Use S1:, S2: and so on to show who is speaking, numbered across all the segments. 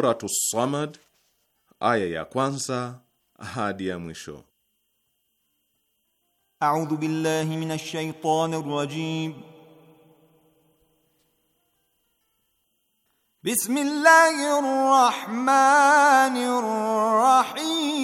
S1: Suratu Samad, aya ya kwanza hadi ya mwisho.
S2: A'udhu billahi minash shaitani rajim. Bismillahir rahmanir rahim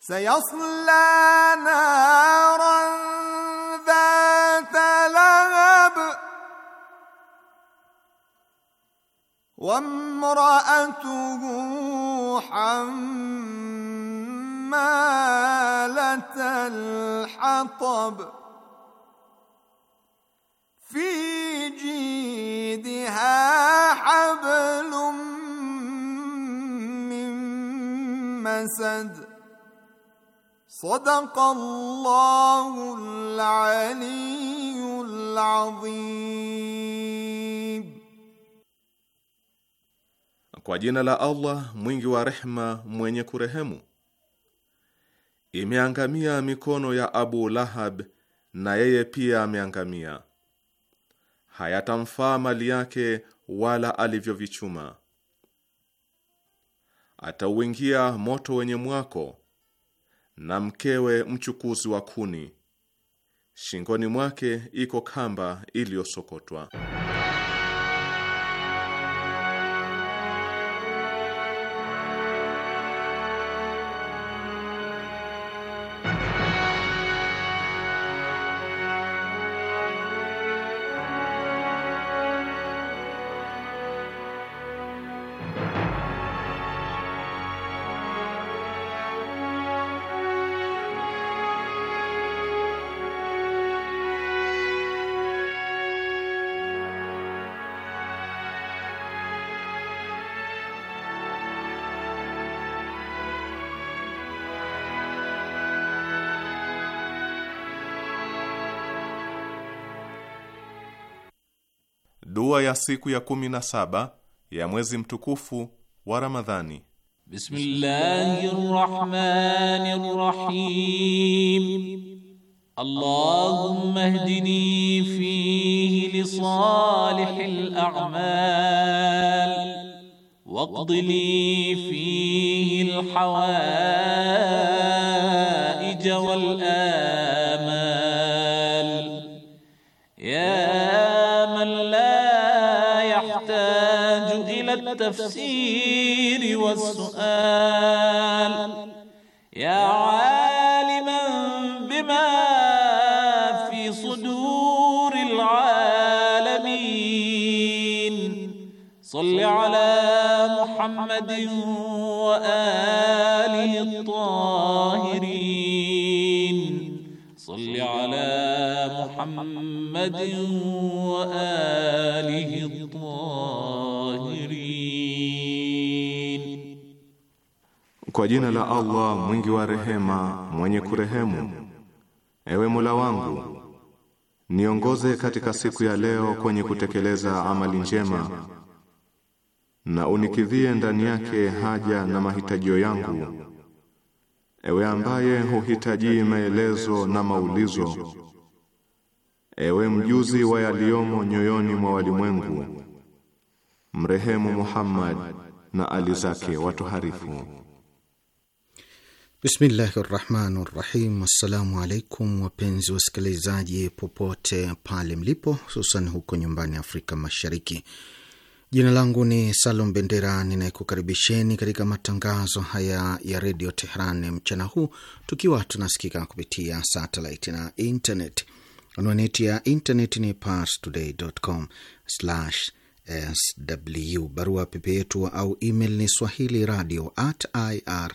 S2: سيصلى نارا ذات لهب وامرأته حمالة الحطب في جيدها حبل من مسد صدق الله العلي العظيم
S1: Kwa jina la Allah mwingi wa rehma mwenye kurehemu. Imeangamia mikono ya Abu Lahab na yeye pia ameangamia. Hayatamfaa mali yake wala alivyovichuma. Atauingia moto wenye mwako na mkewe mchukuzi wa kuni. Shingoni mwake iko kamba iliyosokotwa. Dua ya siku ya kumi na saba ya mwezi mtukufu wa Ramadhani.
S3: Bismillahirrahmanirrahim. Allahumma ihdini fihi li salihil a'mal waqdi li fihi al hawaij wal التفسير والسؤال يا عالما بما في صدور العالمين صل على محمد وآله الطاهرين صل على محمد
S1: Kwa jina la Allah mwingi wa rehema, mwenye kurehemu. Ewe Mola wangu, niongoze katika siku ya leo kwenye kutekeleza amali njema na unikidhie ndani yake haja na mahitajio yangu. Ewe ambaye huhitaji maelezo na maulizo, ewe mjuzi wa yaliyomo nyoyoni mwa walimwengu, mrehemu Muhammad na ali zake watoharifu.
S4: Bismillahi rahmani rahim. Assalamu alaikum wapenzi wasikilizaji popote pale mlipo, hususan huko nyumbani Afrika Mashariki. Jina langu ni Salum Bendera ninayekukaribisheni katika matangazo haya ya redio Teheran mchana huu, tukiwa tunasikika kupitia satellite na internet. Anwani ya internet ni parstoday.com/sw. Barua pepe yetu au email ni swahili radio at ir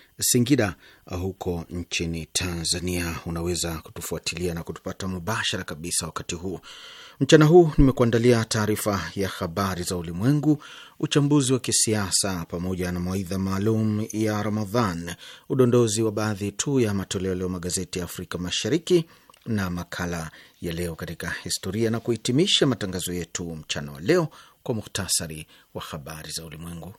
S4: Singida uh, huko nchini Tanzania. Unaweza kutufuatilia na kutupata mubashara kabisa wakati huu. Mchana huu nimekuandalia taarifa ya habari za ulimwengu, uchambuzi wa kisiasa, pamoja na mawaidha maalum ya Ramadhan, udondozi wa baadhi tu ya matoleo leo magazeti ya Afrika Mashariki na makala ya leo katika historia, na kuhitimisha matangazo yetu mchana wa leo kwa muhtasari wa habari za ulimwengu.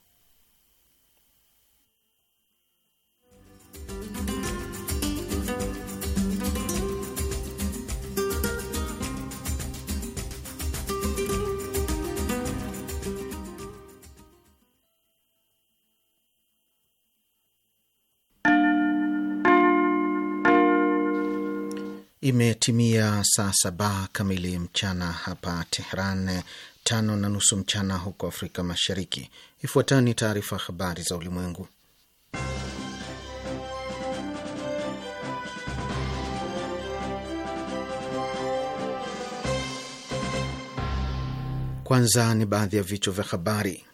S4: Imetimia saa saba kamili mchana hapa Tehran, tano na nusu mchana huko Afrika Mashariki. Ifuatayo ni taarifa habari za ulimwengu. Kwanza ni baadhi ya vichwa vya habari.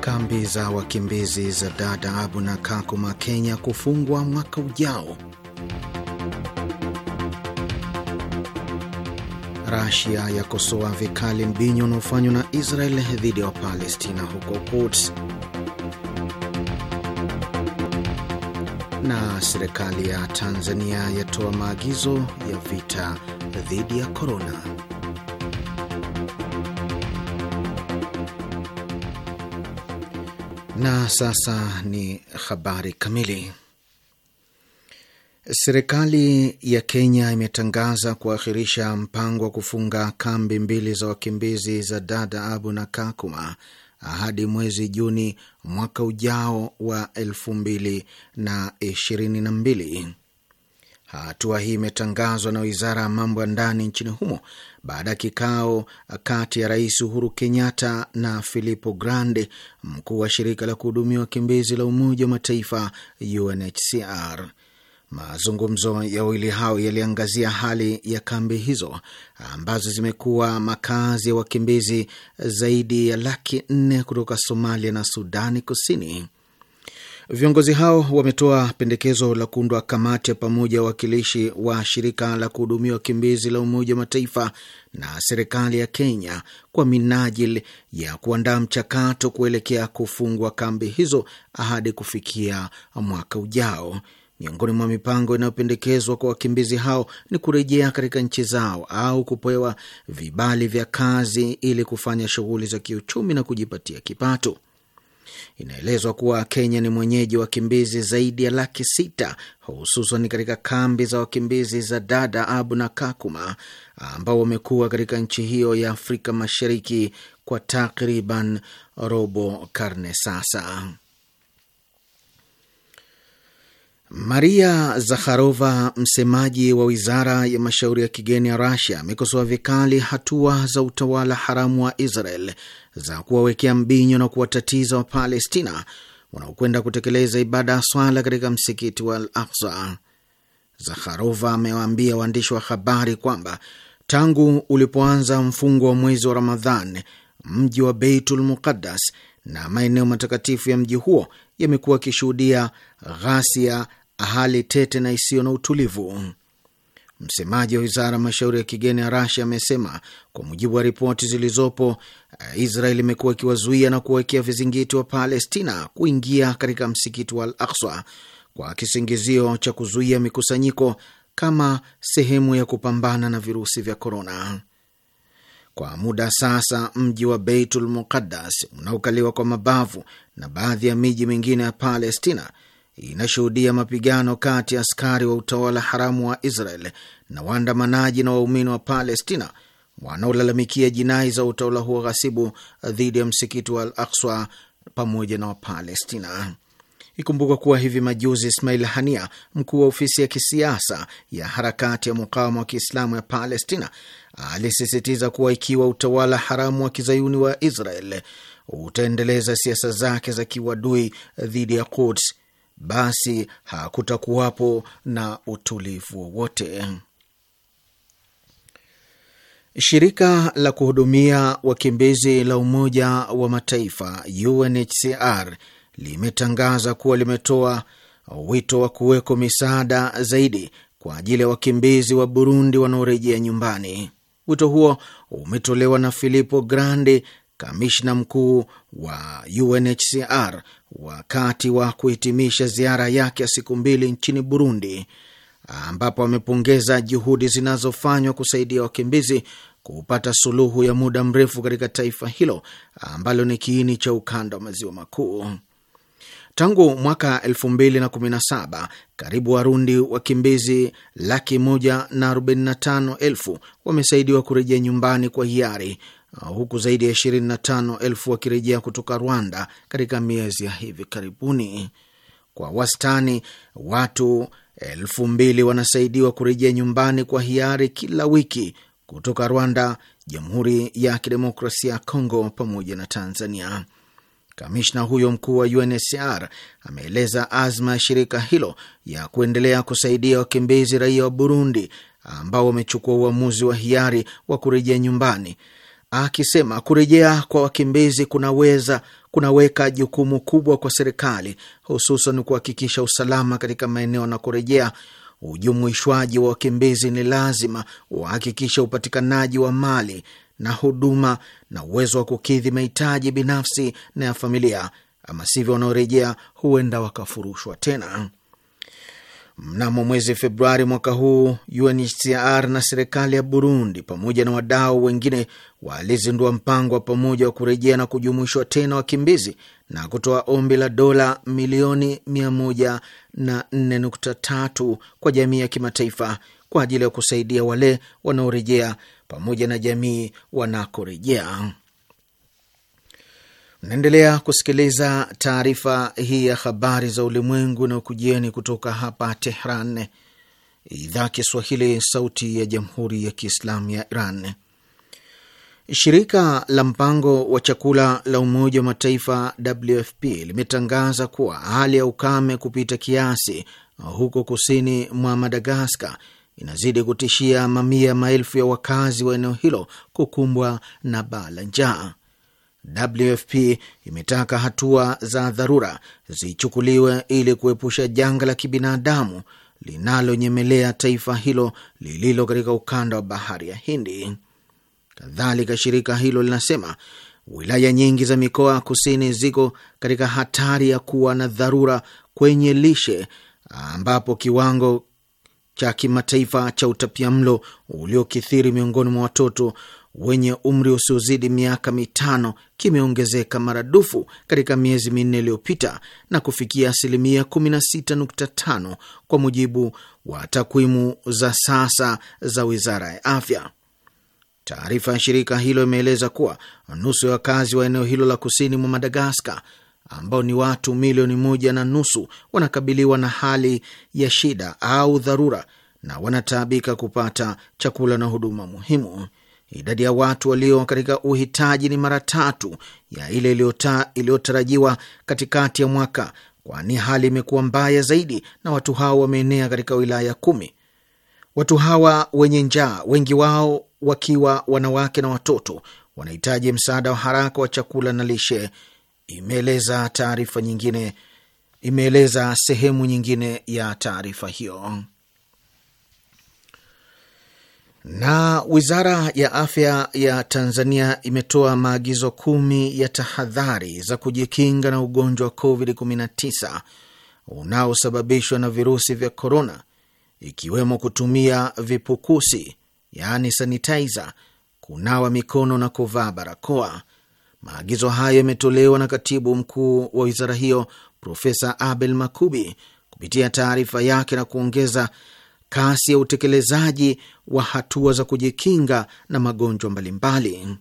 S4: Kambi za wakimbizi za Dadaab na Kakuma, Kenya, kufungwa mwaka ujao. Rasia yakosoa vikali mbinyo unaofanywa na Israel dhidi ya Wapalestina huko Quds. Serikali ya Tanzania yatoa maagizo ya vita dhidi ya korona. Na sasa ni habari kamili. Serikali ya Kenya imetangaza kuahirisha mpango wa kufunga kambi mbili za wakimbizi za Dadaab na Kakuma hadi mwezi Juni mwaka ujao wa elfu mbili na ishirini na mbili. Hatua hii imetangazwa na wizara ya mambo ya ndani nchini humo baada ya kikao kati ya Rais Uhuru Kenyatta na Filippo Grandi, mkuu wa shirika la kuhudumia wakimbizi la Umoja wa Mataifa, UNHCR. Mazungumzo ya wawili hao yaliangazia hali ya kambi hizo ambazo zimekuwa makazi ya wakimbizi zaidi ya laki nne kutoka Somalia na Sudani Kusini. Viongozi hao wametoa pendekezo la kuundwa kamati ya pamoja wakilishi wa shirika la kuhudumia wakimbizi la Umoja wa Mataifa na serikali ya Kenya kwa minajili ya kuandaa mchakato kuelekea kufungwa kambi hizo hadi kufikia mwaka ujao. Miongoni mwa mipango inayopendekezwa kwa wakimbizi hao ni kurejea katika nchi zao au kupewa vibali vya kazi ili kufanya shughuli za kiuchumi na kujipatia kipato. Inaelezwa kuwa Kenya ni mwenyeji wa wakimbizi zaidi ya laki sita hususan katika kambi za wakimbizi za dada abu na Kakuma ambao wamekuwa katika nchi hiyo ya Afrika Mashariki kwa takriban robo karne sasa. Maria Zakharova, msemaji wa wizara ya mashauri ya kigeni ya Rasia, amekosoa vikali hatua za utawala haramu wa Israel za kuwawekea mbinyo na kuwatatiza Wapalestina wanaokwenda kutekeleza ibada ya swala katika msikiti wa Al Aksa. Zakharova amewaambia waandishi wa habari kwamba tangu ulipoanza mfungo wa mwezi wa Ramadhan, mji wa Beitul Muqaddas na maeneo matakatifu ya mji huo yamekuwa akishuhudia ghasia hali tete na isiyo na utulivu. Msemaji wa wizara mashauri ya kigeni ya Rasia amesema kwa mujibu wa ripoti zilizopo, Israel imekuwa ikiwazuia na kuwekea vizingiti wa Palestina kuingia katika msikiti wa Al Akswa kwa kisingizio cha kuzuia mikusanyiko kama sehemu ya kupambana na virusi vya korona. Kwa muda sasa, mji wa Beitul Muqaddas unaokaliwa kwa mabavu na baadhi ya miji mingine ya Palestina inashuhudia mapigano kati ya askari wa utawala haramu wa Israel na waandamanaji na waumini wa Palestina wanaolalamikia jinai za utawala huo ghasibu dhidi ya msikiti wa Al Akswa pamoja na Wapalestina. Ikumbuka kuwa hivi majuzi Ismail Hania, mkuu wa ofisi ya kisiasa ya harakati ya mukawama wa kiislamu ya Palestina, alisisitiza kuwa ikiwa utawala haramu wa kizayuni wa Israel utaendeleza siasa zake za kiwadui dhidi ya Quds basi hakutakuwapo na utulivu wowote. Shirika la kuhudumia wakimbizi la Umoja wa Mataifa UNHCR limetangaza kuwa limetoa wito wa kuweko misaada zaidi kwa ajili ya wakimbizi wa Burundi wanaorejea nyumbani. Wito huo umetolewa na Filippo Grandi, kamishna mkuu wa UNHCR wakati wa kuhitimisha ziara yake ya siku mbili nchini Burundi, ambapo amepongeza juhudi zinazofanywa kusaidia wakimbizi kupata suluhu ya muda mrefu katika taifa hilo ambalo ni kiini cha ukanda wa maziwa makuu. Tangu mwaka 2017 karibu Warundi wakimbizi laki moja na arobaini na tano elfu wamesaidiwa kurejea nyumbani kwa hiari Ah, huku zaidi ya 25 wakirejea kutoka Rwanda katika miezi ya hivi karibuni. Kwa wastani watu elfu mbili wanasaidiwa kurejea nyumbani kwa hiari kila wiki kutoka Rwanda, Jamhuri ya Kidemokrasia ya Kongo pamoja na Tanzania. Kamishna huyo mkuu wa UNHCR ameeleza azma ya shirika hilo ya kuendelea kusaidia wakimbizi raia wa Burundi ambao wamechukua uamuzi wa hiari wa kurejea nyumbani akisema kurejea kwa wakimbizi kunaweza kunaweka jukumu kubwa kwa serikali, hususan kuhakikisha usalama katika maeneo na kurejea Ujumuishwaji wa wakimbizi ni lazima wahakikisha upatikanaji wa mali na huduma na uwezo wa kukidhi mahitaji binafsi na ya familia, ama sivyo, wanaorejea huenda wakafurushwa tena. Mnamo mwezi Februari mwaka huu, UNHCR na serikali ya Burundi pamoja na wadau wengine walizindua mpango wa pamoja wa kurejea na kujumuishwa tena wakimbizi na kutoa ombi la dola milioni 104.3 kwa jamii ya kimataifa kwa ajili ya kusaidia wale wanaorejea pamoja na jamii wanakorejea. Naendelea kusikiliza taarifa hii ya habari za ulimwengu na ukujieni kutoka hapa Tehran, idhaa Kiswahili, sauti ya jamhuri ya kiislamu ya Iran. Shirika la mpango wa chakula la Umoja wa Mataifa WFP limetangaza kuwa hali ya ukame kupita kiasi huko kusini mwa Madagaskar inazidi kutishia mamia maelfu ya wakazi wa eneo hilo kukumbwa na baa la njaa. WFP imetaka hatua za dharura zichukuliwe ili kuepusha janga la kibinadamu linalonyemelea taifa hilo lililo katika ukanda wa bahari ya Hindi. Kadhalika, shirika hilo linasema wilaya nyingi za mikoa kusini ziko katika hatari ya kuwa na dharura kwenye lishe, ambapo kiwango cha kimataifa cha utapiamlo uliokithiri miongoni mwa watoto wenye umri usiozidi miaka mitano kimeongezeka maradufu katika miezi minne iliyopita na kufikia asilimia 16.5 kwa mujibu wa takwimu za sasa za wizara ya afya. Taarifa ya shirika hilo imeeleza kuwa nusu ya wakazi wa eneo hilo la kusini mwa Madagaskar ambao ni watu milioni moja na nusu wanakabiliwa na hali ya shida au dharura na wanataabika kupata chakula na huduma muhimu idadi ya watu walio katika uhitaji ni mara tatu ya ile iliyotarajiwa katikati ya mwaka, kwani hali imekuwa mbaya zaidi na watu hawa wameenea katika wilaya kumi. Watu hawa wenye njaa, wengi wao wakiwa wanawake na watoto, wanahitaji msaada wa haraka wa chakula na lishe, imeeleza taarifa nyingine, imeeleza sehemu nyingine ya taarifa hiyo. Na wizara ya afya ya Tanzania imetoa maagizo kumi ya tahadhari za kujikinga na ugonjwa wa COVID-19 unaosababishwa na virusi vya korona, ikiwemo kutumia vipukusi, yaani sanitizer, kunawa mikono na kuvaa barakoa. Maagizo hayo yametolewa na katibu mkuu wa wizara hiyo Profesa Abel Makubi kupitia taarifa yake na kuongeza kasi ya utekelezaji wa hatua za kujikinga na magonjwa mbalimbali.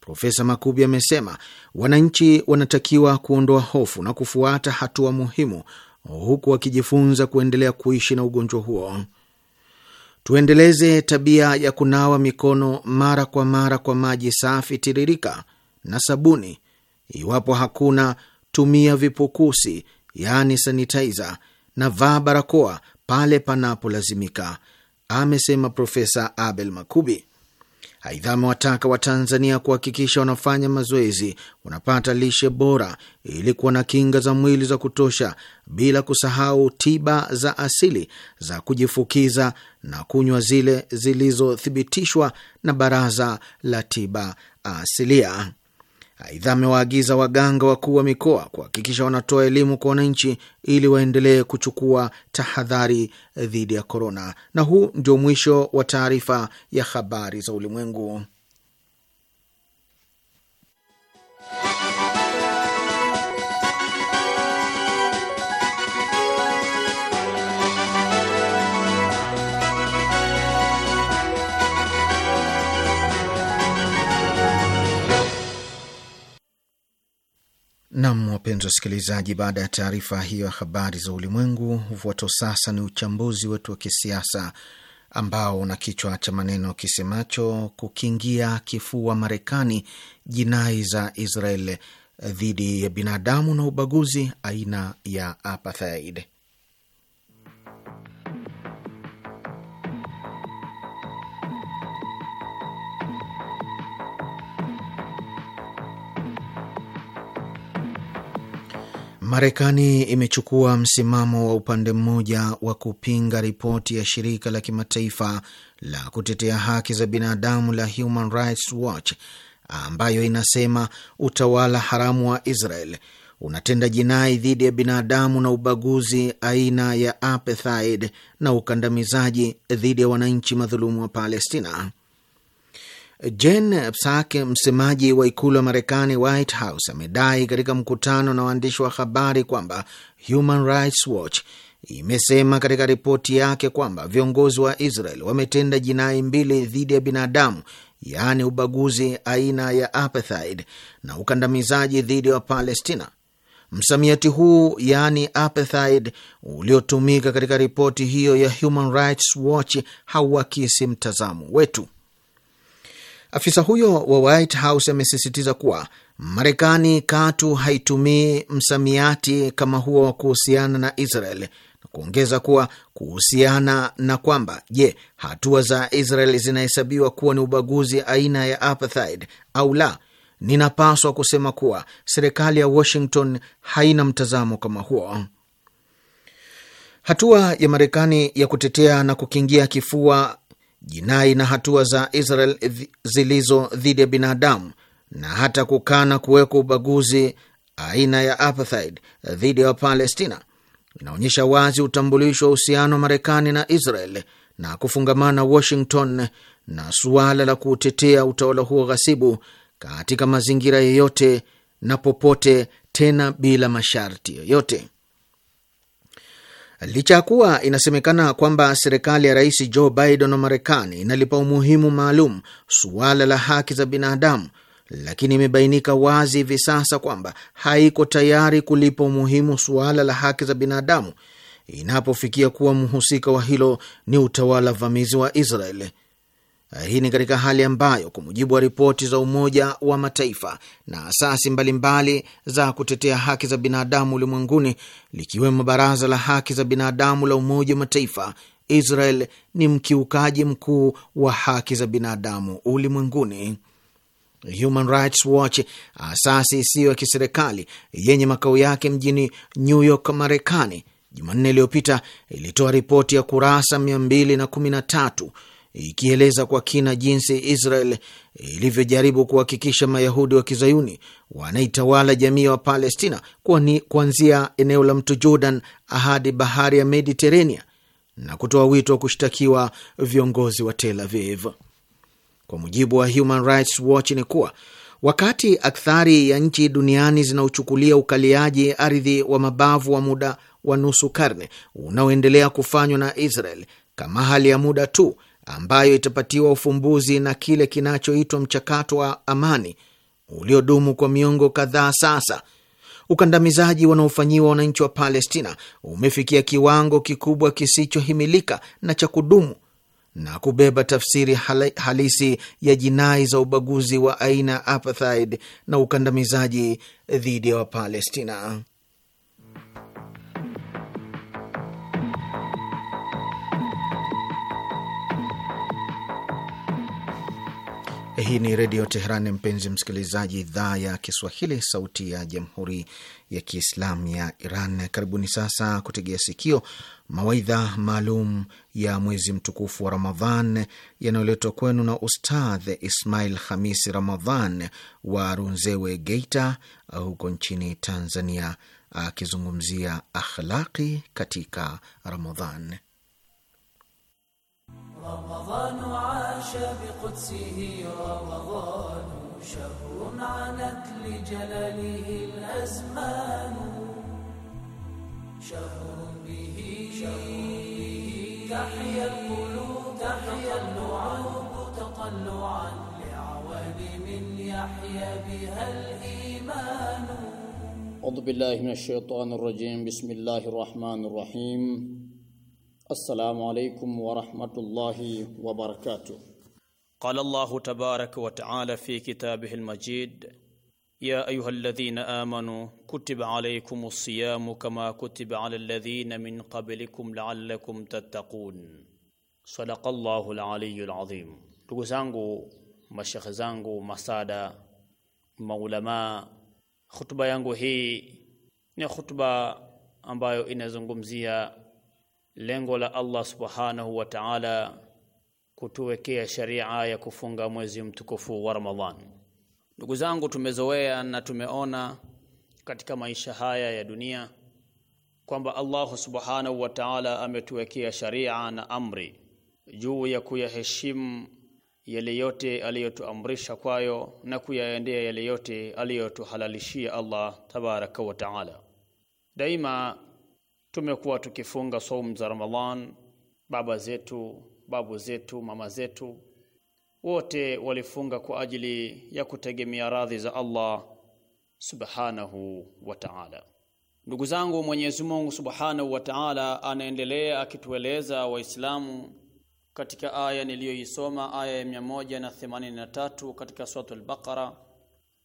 S4: Profesa Makubi amesema wananchi wanatakiwa kuondoa hofu na kufuata hatua muhimu, huku wakijifunza kuendelea kuishi na ugonjwa huo. Tuendeleze tabia ya kunawa mikono mara kwa mara kwa maji safi tiririka na sabuni. Iwapo hakuna, tumia vipukusi, yaani sanitizer, na vaa barakoa pale panapolazimika, amesema Profesa Abel Makubi. Aidha, amewataka Watanzania kuhakikisha wanafanya mazoezi, wanapata lishe bora ili kuwa na kinga za mwili za kutosha, bila kusahau tiba za asili za kujifukiza na kunywa zile zilizothibitishwa na Baraza la Tiba Asilia. Aidha, amewaagiza waganga wakuu wa mikoa kuhakikisha wanatoa elimu kwa wananchi ili waendelee kuchukua tahadhari dhidi ya korona. Na huu ndio mwisho wa taarifa ya habari za ulimwengu. Wapenzi wasikilizaji, baada ya taarifa hiyo ya habari za ulimwengu, ufuato sasa ni uchambuzi wetu wa kisiasa ambao una kichwa cha maneno kisemacho kukingia kifua Marekani, jinai za Israel dhidi ya binadamu na ubaguzi aina ya apartheid. Marekani imechukua msimamo wa upande mmoja wa kupinga ripoti ya shirika la kimataifa la kutetea haki za binadamu la Human Rights Watch ambayo inasema utawala haramu wa Israel unatenda jinai dhidi ya binadamu na ubaguzi aina ya apartheid na ukandamizaji dhidi ya wananchi madhulumu wa Palestina. Jen Psaki, msemaji wa ikulu ya Marekani, White House, amedai katika mkutano na waandishi wa habari kwamba Human Rights Watch imesema katika ripoti yake kwamba viongozi wa Israel wametenda jinai mbili dhidi ya binadamu, yaani ubaguzi aina ya apartheid na ukandamizaji dhidi ya wa Palestina. Msamiati huu yaani apartheid uliotumika katika ripoti hiyo ya Human Rights Watch hauakisi mtazamo wetu. Afisa huyo wa White House amesisitiza kuwa Marekani katu haitumii msamiati kama huo wa kuhusiana na Israel na kuongeza kuwa kuhusiana na kwamba je, hatua za Israel zinahesabiwa kuwa ni ubaguzi aina ya apartheid au la, ninapaswa kusema kuwa serikali ya Washington haina mtazamo kama huo. Hatua ya Marekani ya kutetea na kukingia kifua jinai na hatua za Israel zilizo dhidi ya binadamu na hata kukana kuwekwa ubaguzi aina ya apartheid dhidi ya Wapalestina inaonyesha wazi utambulisho wa uhusiano wa Marekani na Israel na kufungamana Washington na suala la kuutetea utawala huo ghasibu katika mazingira yeyote na popote, tena bila masharti yoyote. Licha ya kuwa inasemekana kwamba serikali ya rais Joe Biden wa Marekani inalipa umuhimu maalum suala la haki za binadamu, lakini imebainika wazi hivi sasa kwamba haiko tayari kulipa umuhimu suala la haki za binadamu inapofikia kuwa mhusika wa hilo ni utawala vamizi wa Israeli. Eh, hii ni katika hali ambayo kwa mujibu wa ripoti za Umoja wa Mataifa na asasi mbalimbali mbali za kutetea haki za binadamu ulimwenguni likiwemo Baraza la Haki za Binadamu la Umoja wa Mataifa, Israel ni mkiukaji mkuu wa haki za binadamu ulimwenguni. Human Rights Watch, asasi isiyo ya kiserikali yenye makao yake mjini New York, Marekani, Jumanne iliyopita ilitoa ripoti ya kurasa 213 ikieleza kwa kina jinsi Israel ilivyojaribu kuhakikisha Mayahudi wa kizayuni wanaitawala jamii ya wa Palestina kuanzia eneo la mto Jordan hadi bahari ya Mediterania na kutoa wito wa kushtakiwa viongozi wa Tel Aviv. Kwa mujibu wa Human Rights Watch ni kuwa wakati akthari ya nchi duniani zinaochukulia ukaliaji ardhi wa mabavu wa muda wa nusu karne unaoendelea kufanywa na Israel kama hali ya muda tu ambayo itapatiwa ufumbuzi na kile kinachoitwa mchakato wa amani uliodumu kwa miongo kadhaa sasa. Ukandamizaji wanaofanyiwa wananchi wa Palestina umefikia kiwango kikubwa kisichohimilika na cha kudumu na kubeba tafsiri halisi ya jinai za ubaguzi wa aina ya apartheid na ukandamizaji dhidi ya Wapalestina. Hii ni Redio Teheran, mpenzi msikilizaji, idhaa ya Kiswahili, sauti ya jamhuri ya kiislamu ya Iran. Karibuni sasa kutegea sikio mawaidha maalum ya mwezi mtukufu wa Ramadhan yanayoletwa kwenu na Ustadh Ismail Hamis Ramadhan wa Runzewe, Geita, huko nchini Tanzania, akizungumzia akhlaqi katika Ramadhan.
S3: رمضان عاش بقدسه رمضان شهر عنت لجلاله الأزمان شهر به, شهر به تحيا القلوب تحيا النعوب تطلعا لعوالم يحيا بها الإيمان
S5: أعوذ بالله من الشيطان الرجيم بسم الله الرحمن الرحيم السلام عليكم ورحمة الله وبركاته قال الله تبارك وتعالى في كتابه المجيد يا أيها الذين آمنوا كتب عليكم الصيام كما كتب على الذين من قبلكم لعلكم تتقون صدق الله العلي العظيم تقول mashehe zangu masada maulamaa khutba yangu hii ni khutba ambayo inazungumzia Lengo la Allah subhanahu wa ta'ala kutuwekea sharia ya kufunga mwezi mtukufu wa Ramadhan. Ndugu zangu, tumezoea na tumeona katika maisha haya ya dunia kwamba Allah subhanahu wa ta'ala ametuwekea sharia na amri juu ya kuyaheshimu yale yote aliyotuamrisha kwayo na kuyaendea yale yote aliyotuhalalishia Allah tabaraka wa ta'ala. Daima tumekuwa tukifunga saumu za Ramadhan, baba zetu, babu zetu, mama zetu wote walifunga kwa ajili ya kutegemea radhi za Allah subhanahu wa ta'ala. Ndugu zangu, Mwenyezi Mungu subhanahu wa ta'ala anaendelea akitueleza Waislamu katika aya niliyoisoma, aya ya 183 katika al Baqara,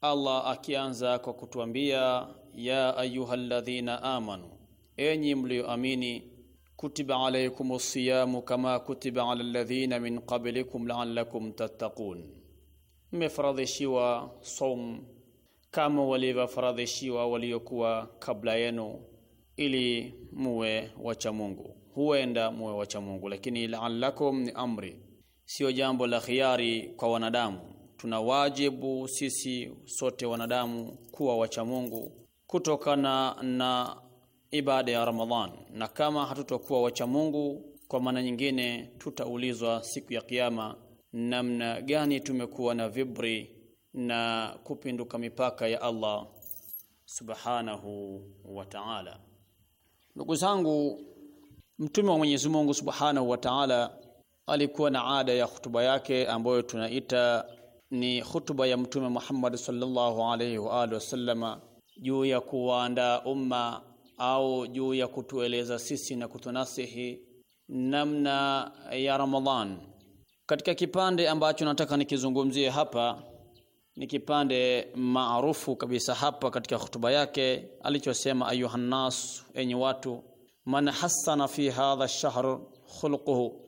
S5: Allah akianza kwa kutuambia ya ayyuhalladhina amanu enyi mlioamini kutiba alaykum siyamu kama kutiba ala ladhina min qablikum la'allakum tattaqun mmefaradhishiwa saum kama walivyofaradhishiwa waliokuwa kabla yenu ili muwe wacha Mungu huenda muwe wacha Mungu lakini la'allakum ni amri sio jambo la khiari kwa wanadamu tuna wajibu sisi sote wanadamu kuwa wacha Mungu kutokana na ibada ya Ramadhan, na kama hatutakuwa wacha Mungu, kwa maana nyingine, tutaulizwa siku ya Kiyama namna gani tumekuwa na vibri na kupinduka mipaka ya Allah subhanahu wa ta'ala. Ndugu zangu, mtume wa Mwenyezi Mungu subhanahu wa ta'ala alikuwa na ada ya hutuba yake ambayo tunaita ni hutuba ya Mtume Muhammad sallallahu alayhi wa alihi wasallama juu ya kuwaandaa umma au juu ya kutueleza sisi na kutunasihi namna ya Ramadhan. Katika kipande ambacho nataka nikizungumzie hapa ni kipande maarufu kabisa hapa katika hotuba yake alichosema, ayuhannas enye watu, man hassana fi hadha shahr khuluquhu,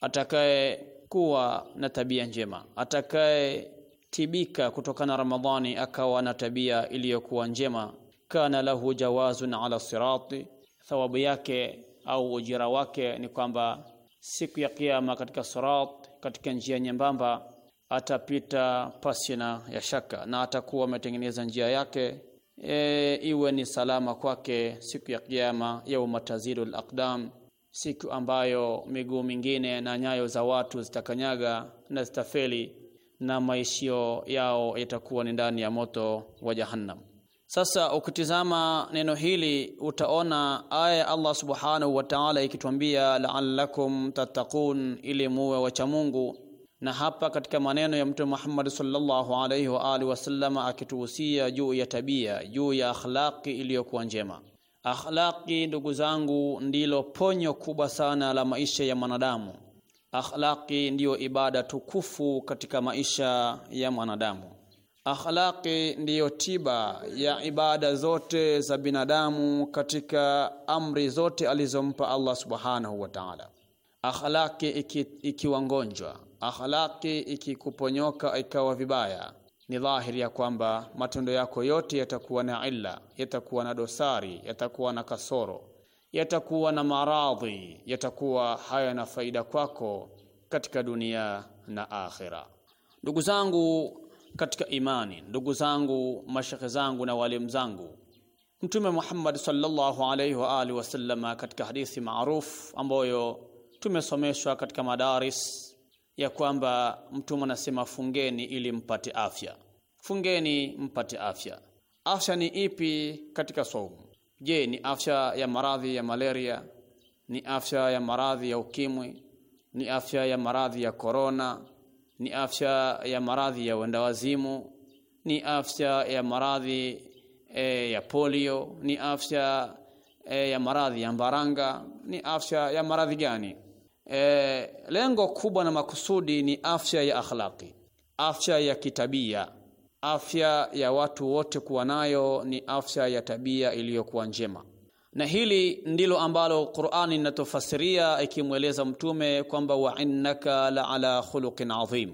S5: atakaye kuwa na tabia njema, atakaye tibika kutokana Ramadhani akawa na tabia iliyokuwa njema kana lahu jawazun ala sirati, thawabu yake au ujira wake ni kwamba siku ya kiyama katika sirat, katika njia nyembamba atapita pasina ya shaka, na atakuwa ametengeneza njia yake e, iwe ni salama kwake siku ya kiyama, yauma tazilul aqdam, siku ambayo miguu mingine na nyayo za watu zitakanyaga na zitafeli, na maishio yao yatakuwa ni ndani ya moto wa Jahannam. Sasa ukitizama neno hili utaona aya ya Allah subhanahu wa ta'ala ikituambia la'allakum tattaqun, ili muwe wacha Mungu. Na hapa katika maneno ya Mtume Muhammad sallallahu alayhi wa alihi wasallam akituhusia juu ya tabia, juu ya akhlaqi iliyokuwa njema. Akhlaqi, ndugu zangu, ndilo ponyo kubwa sana la maisha ya mwanadamu. Akhlaqi ndiyo ibada tukufu katika maisha ya mwanadamu. Akhlaqi ndiyo tiba ya ibada zote za binadamu katika amri zote alizompa Allah subhanahu wa ta'ala. Akhlaqi ikiwa iki ngonjwa, akhlaqi ikikuponyoka ikawa vibaya, ni dhahiri ya kwamba matendo yako yote yatakuwa na illa, yatakuwa na dosari, yatakuwa na kasoro, yatakuwa na maradhi, yatakuwa hayana faida kwako katika dunia na akhira. Ndugu zangu katika imani, ndugu zangu, mashekhe zangu na walimu zangu, Mtume Muhammad sallallahu alayhi wa alihi wasallama katika hadithi maarufu ambayo tumesomeshwa katika madaris ya kwamba Mtume anasema fungeni ili mpate afya, fungeni mpate afya. Afya ni ipi katika saumu? Je, ni afya ya maradhi ya malaria? Ni afya ya maradhi ya ukimwi? Ni afya ya maradhi ya korona? ni afya ya maradhi ya wendawazimu ni afya ya maradhi e, ya polio, ni afya e, ya maradhi ya mbaranga, ni afya ya maradhi gani? E, lengo kubwa na makusudi ni afya ya akhlaqi, afya ya kitabia. Afya ya watu wote kuwa nayo ni afya ya tabia iliyokuwa njema na hili ndilo ambalo Qur'ani inatofasiria ikimweleza mtume kwamba wa innaka la ala khuluqin adhim.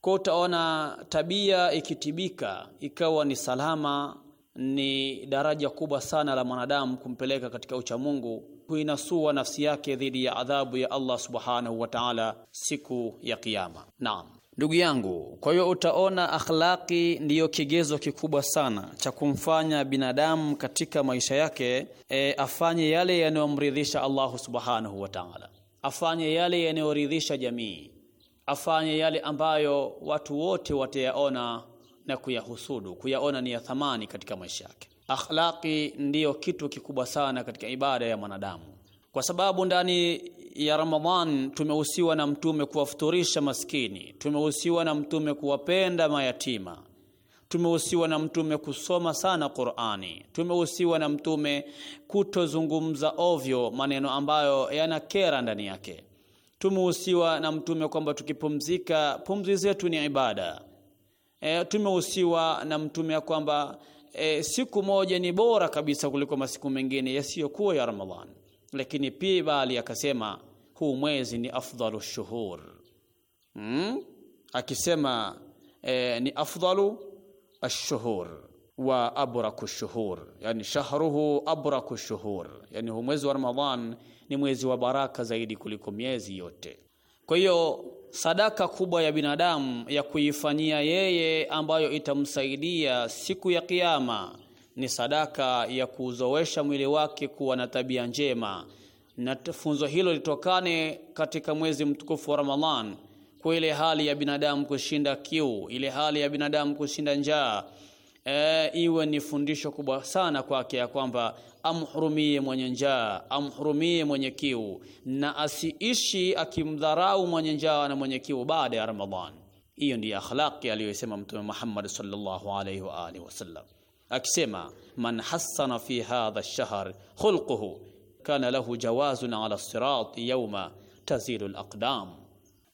S5: Kwa utaona tabia ikitibika ikawa ni salama, ni daraja kubwa sana la mwanadamu kumpeleka katika ucha Mungu, kuinasua nafsi yake dhidi ya adhabu ya Allah subhanahu wa ta'ala siku ya Kiyama. Naam. Ndugu yangu, kwa hiyo utaona akhlaqi ndiyo kigezo kikubwa sana cha kumfanya binadamu katika maisha yake e, afanye yale yanayomridhisha Allahu subhanahu wa ta'ala, afanye yale yanayoridhisha jamii, afanye yale ambayo watu wote watayaona na kuyahusudu, kuyaona ni ya thamani katika maisha yake. Akhlaqi ndiyo kitu kikubwa sana katika ibada ya mwanadamu, kwa sababu ndani ya Ramadhan tumehusiwa na Mtume kuwafuturisha maskini, tumehusiwa na Mtume kuwapenda mayatima, tumehusiwa na Mtume kusoma sana Qur'ani, tumehusiwa na Mtume kutozungumza ovyo maneno ambayo yanakera ndani yake, tumehusiwa na Mtume kwamba tukipumzika pumzi zetu ni ibada. E, tumehusiwa na Mtume ya kwamba e, siku moja ni bora kabisa kuliko masiku mengine yasiyokuwa ya Ramadhan lakini pia bali akasema huu mwezi ni afdalu shuhur hmm? akisema e, ni afdalu ashuhur wa abraku shuhur, yani shahruhu abraku shuhur, yani huu mwezi wa Ramadhan ni mwezi wa baraka zaidi kuliko miezi yote. Kwa hiyo sadaka kubwa ya binadamu ya kuifanyia yeye ambayo itamsaidia siku ya Kiyama ni sadaka ya kuzowesha mwili wake kuwa na tabia njema, na funzo hilo litokane katika mwezi mtukufu wa Ramadhan, kwa ile hali ya binadamu kushinda kiu, ile hali ya binadamu kushinda njaa E, iwe ni fundisho kubwa sana kwake ya kwamba amhurumie mwenye njaa, amhurumie mwenye kiu, na asiishi akimdharau mwenye njaa na mwenye kiu baada ya Ramadhan. Hiyo ndiyo akhlaqi aliyoisema Mtume Muhammad sallallahu alayhi wa alihi wasallam akisema man hassana fi hadha ash-shahr khulquhu kana lahu jawazun ala sirat yawma tazilu al-aqdam.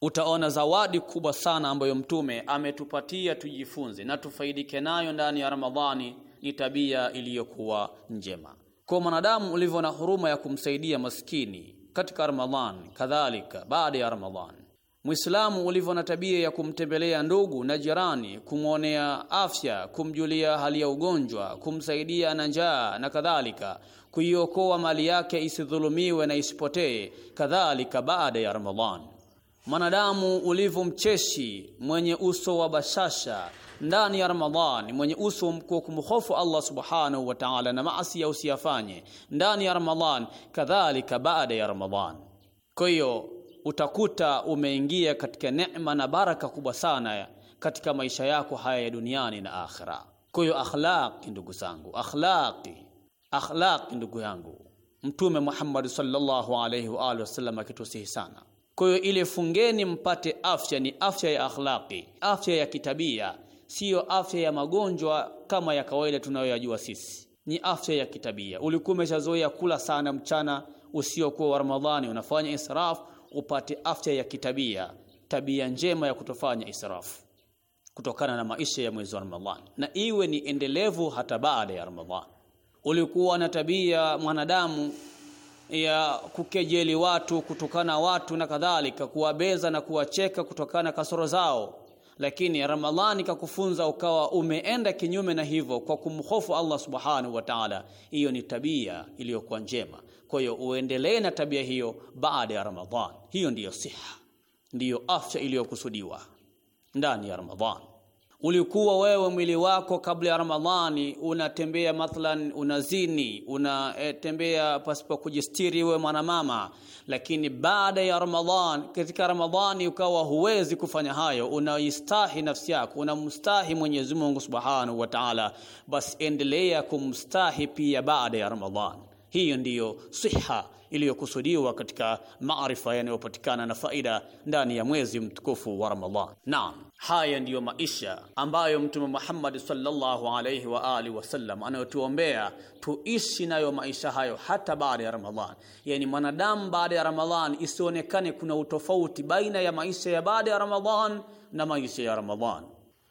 S5: Utaona zawadi kubwa sana ambayo Mtume ametupatia tujifunze na tufaidike nayo ndani ya Ramadhani ni tabia iliyokuwa njema. Kwa mwanadamu ulivyo na huruma ya kumsaidia maskini katika Ramadhani, kadhalika baada ya Ramadhani Muislamu ulivyo na tabia ya kumtembelea ndugu na jirani, kumwonea afya, kumjulia hali ya ugonjwa, kumsaidia na njaa na kadhalika, kuiokoa mali yake isidhulumiwe na isipotee, kadhalika baada ya Ramadhan. Mwanadamu ulivyo mcheshi, mwenye uso wa bashasha ndani ya Ramadhani, mwenye uso mkuu kumhofu Allah subhanahu wa ta'ala, na maasi ya usiyafanye ndani ya Ramadhani, kadhalika baada ya Ramadhani. Kwa hiyo utakuta umeingia katika neema na baraka kubwa sana katika maisha yako haya ya duniani na akhira. Kwa hiyo akhlaqi, ndugu zangu, akhlaqi, akhlaqi ndugu yangu, Mtume Muhammad sallallahu alayhi wa alihi wasallam akitusihi sana. Kwa hiyo ile fungeni mpate afya ni afya ya akhlaqi, afya ya kitabia, siyo afya ya magonjwa kama ya kawaida tunayoyajua sisi, ni afya ya kitabia. Ulikuwa umeshazoea kula sana mchana usiokuwa wa Ramadhani, unafanya israfu upate afya ya kitabia, tabia njema ya kutofanya israfu kutokana na maisha ya mwezi wa Ramadhani, na iwe ni endelevu hata baada ya Ramadhani. Ulikuwa na tabia mwanadamu ya kukejeli watu, kutukana watu na kadhalika, kuwabeza na kuwacheka kutokana na kasoro zao, lakini Ramadhani kakufunza ukawa umeenda kinyume na hivyo kwa kumhofu Allah subhanahu wa ta'ala. Hiyo ni tabia iliyokuwa njema. Kwa hiyo uendelee na tabia hiyo baada ya Ramadhan. Hiyo ndiyo siha, ndiyo afya iliyokusudiwa ndani ya Ramadhan. Ulikuwa wewe mwili wako kabla ya Ramadhani unatembea mathalan, unazini, unatembea eh, pasipo kujistiri, wewe mwanamama, lakini baada ya Ramadhani, katika Ramadhani ukawa huwezi kufanya hayo, unaistahi nafsi yako, unamstahi Mwenyezi Mungu Subhanahu wa Ta'ala, basi endelea kumstahi pia baada ya Ramadhani. Hiyo ndiyo siha iliyokusudiwa katika maarifa yanayopatikana na faida ndani ya mwezi mtukufu wa Ramadhan. Naam, haya ndiyo maisha ambayo Mtume Muhammad sallallahu alayhi wa alihi wasallam anayotuombea tuishi nayo maisha hayo hata baada ya Ramadhan. Yaani mwanadamu baada ya Ramadhan isionekane kuna utofauti baina ya maisha ya baada ya Ramadhan na maisha ya Ramadhan.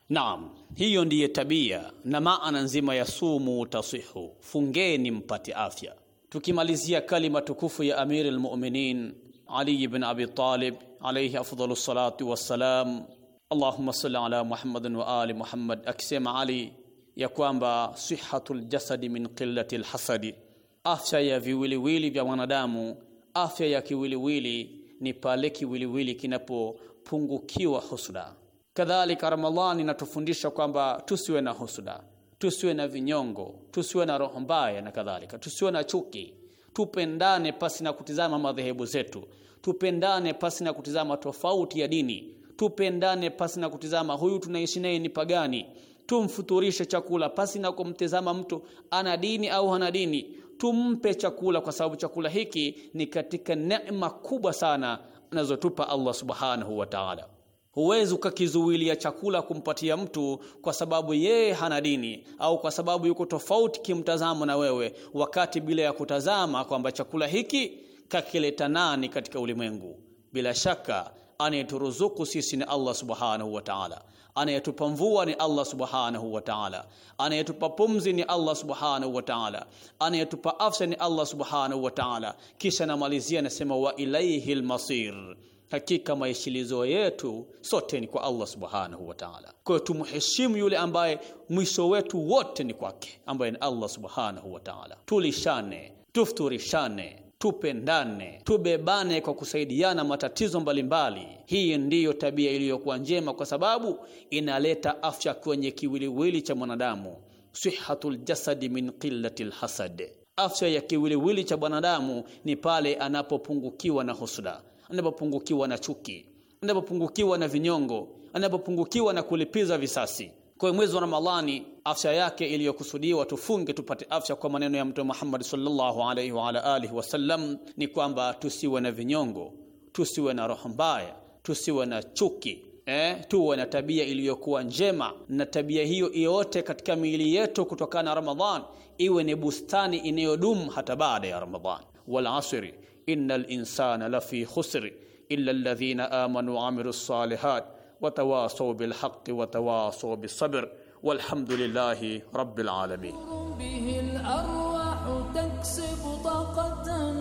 S5: Naam, hiyo ndiye tabia na maana nzima ya sumu tasihu, fungeni mpate afya. Tukimalizia kalima tukufu ya Amir al-Mu'minin Ali ibn Abi Talib alayhi afdalu salatu wassalam, Allahumma salli ala Muhammadin wa ali Muhammad, akisema Ali ya kwamba sihatul jasadi min qillati alhasadi, afya ya viwiliwili vya mwanadamu, afya ya kiwiliwili ni pale kiwiliwili kinapopungukiwa husuda. Kadhalika Ramadhani inatufundisha kwamba tusiwe na husuda tusiwe na vinyongo, tusiwe na roho mbaya na kadhalika, tusiwe na chuki, tupendane pasi na kutizama madhehebu zetu, tupendane pasi na kutizama tofauti ya dini, tupendane pasi na kutizama huyu tunaishi naye ni pagani, tumfuturishe chakula pasi na kumtizama mtu ana dini au hana dini, tumpe chakula kwa sababu chakula hiki ni katika neema kubwa sana anazotupa Allah subhanahu wa ta'ala. Huwezi ukakizuilia chakula kumpatia mtu kwa sababu yeye hana dini au kwa sababu yuko tofauti kimtazamo na wewe, wakati bila ya kutazama kwamba chakula hiki kakileta nani katika ulimwengu. Bila shaka anayeturuzuku sisi ni Allah subhanahu wa ta'ala, anayetupa mvua ni Allah subhanahu wa ta'ala, anayetupa pumzi ni Allah subhanahu wa ta'ala, anayetupa afya ni Allah subhanahu wa ta'ala. Kisha namalizia nasema wa ilaihi lmasir Hakika maishilizo yetu sote ni kwa Allah subhanahu wa ta'ala. Kwa hiyo tumheshimu yule ambaye mwisho wetu wote ni kwake, ambaye ni Allah subhanahu wa ta'ala. Tulishane, tufturishane, tupendane, tubebane kwa kusaidiana matatizo mbalimbali. Hii ndiyo tabia iliyokuwa njema, kwa sababu inaleta afya kwenye kiwiliwili cha mwanadamu. sihhatul jasadi min qillatil hasad, afya ya kiwiliwili cha mwanadamu ni pale anapopungukiwa na husda anapopungukiwa na chuki, anapopungukiwa na vinyongo, anapopungukiwa na kulipiza visasi. Kwa mwezi wa Ramadhani afya yake iliyokusudiwa tufunge tupate afya, kwa maneno ya Mtume Muhammad sallallahu alaihi wa alihi wasallam, ni kwamba tusiwe na vinyongo, tusiwe na roho mbaya, tusiwe na chuki eh, tuwe na tabia iliyokuwa njema, na tabia hiyo iote katika miili yetu kutokana na Ramadhan iwe ni bustani inayodumu hata baada ya Ramadhan. wal asri إن الإنسان لفي خسر إلا الذين آمنوا وعملوا الصالحات وتواصوا بالحق وتواصوا بالصبر والحمد لله رب العالمين
S2: به الأرواح تكسب طاقة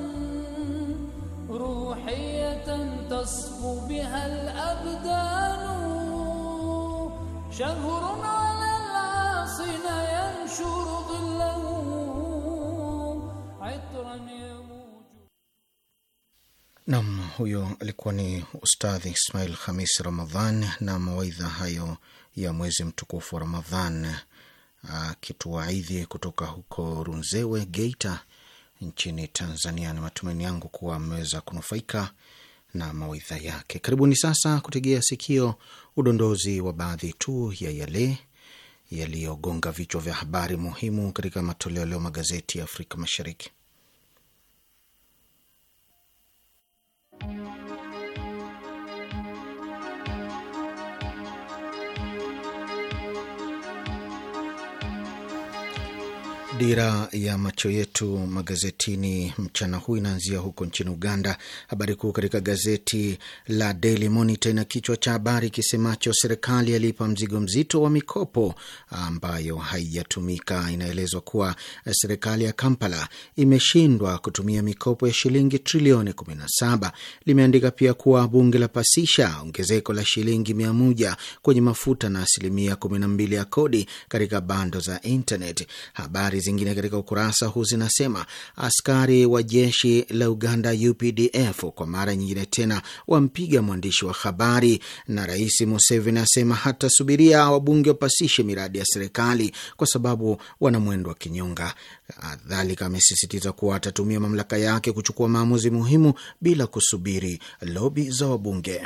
S2: روحية تصفو بها الأبدان شهر على العاصنا ينشر ظله عطرا
S4: Nam, huyo alikuwa ni Ustadhi Ismail Khamis Ramadhan na mawaidha hayo ya mwezi mtukufu wa Ramadhan akituwaidhi kutoka huko Runzewe, Geita nchini Tanzania. Ni matumaini yangu kuwa ameweza kunufaika na mawaidha yake. Karibuni sasa kutegea sikio udondozi wa baadhi tu ya yale yaliyogonga vichwa vya habari muhimu katika matoleo leo magazeti ya Afrika Mashariki. Thank you. Dira ya macho yetu magazetini mchana huu inaanzia huko nchini Uganda. Habari kuu katika gazeti la Daily Monitor ina kichwa cha habari kisemacho serikali yalipa mzigo mzito wa mikopo ambayo haijatumika. Inaelezwa kuwa serikali ya Kampala imeshindwa kutumia mikopo ya shilingi trilioni 17. Limeandika pia kuwa bunge la pasisha ongezeko la shilingi mia moja kwenye mafuta na asilimia 12 ya kodi katika bando za internet. Habari zingine katika ukurasa huu zinasema askari wa jeshi la Uganda UPDF kwa mara nyingine tena wampiga mwandishi wa habari, na Rais Museveni asema hatasubiria wabunge wapasishe miradi ya serikali kwa sababu wana mwendo wa kinyonga. Kadhalika amesisitiza kuwa atatumia mamlaka yake kuchukua maamuzi muhimu bila kusubiri lobi za wabunge.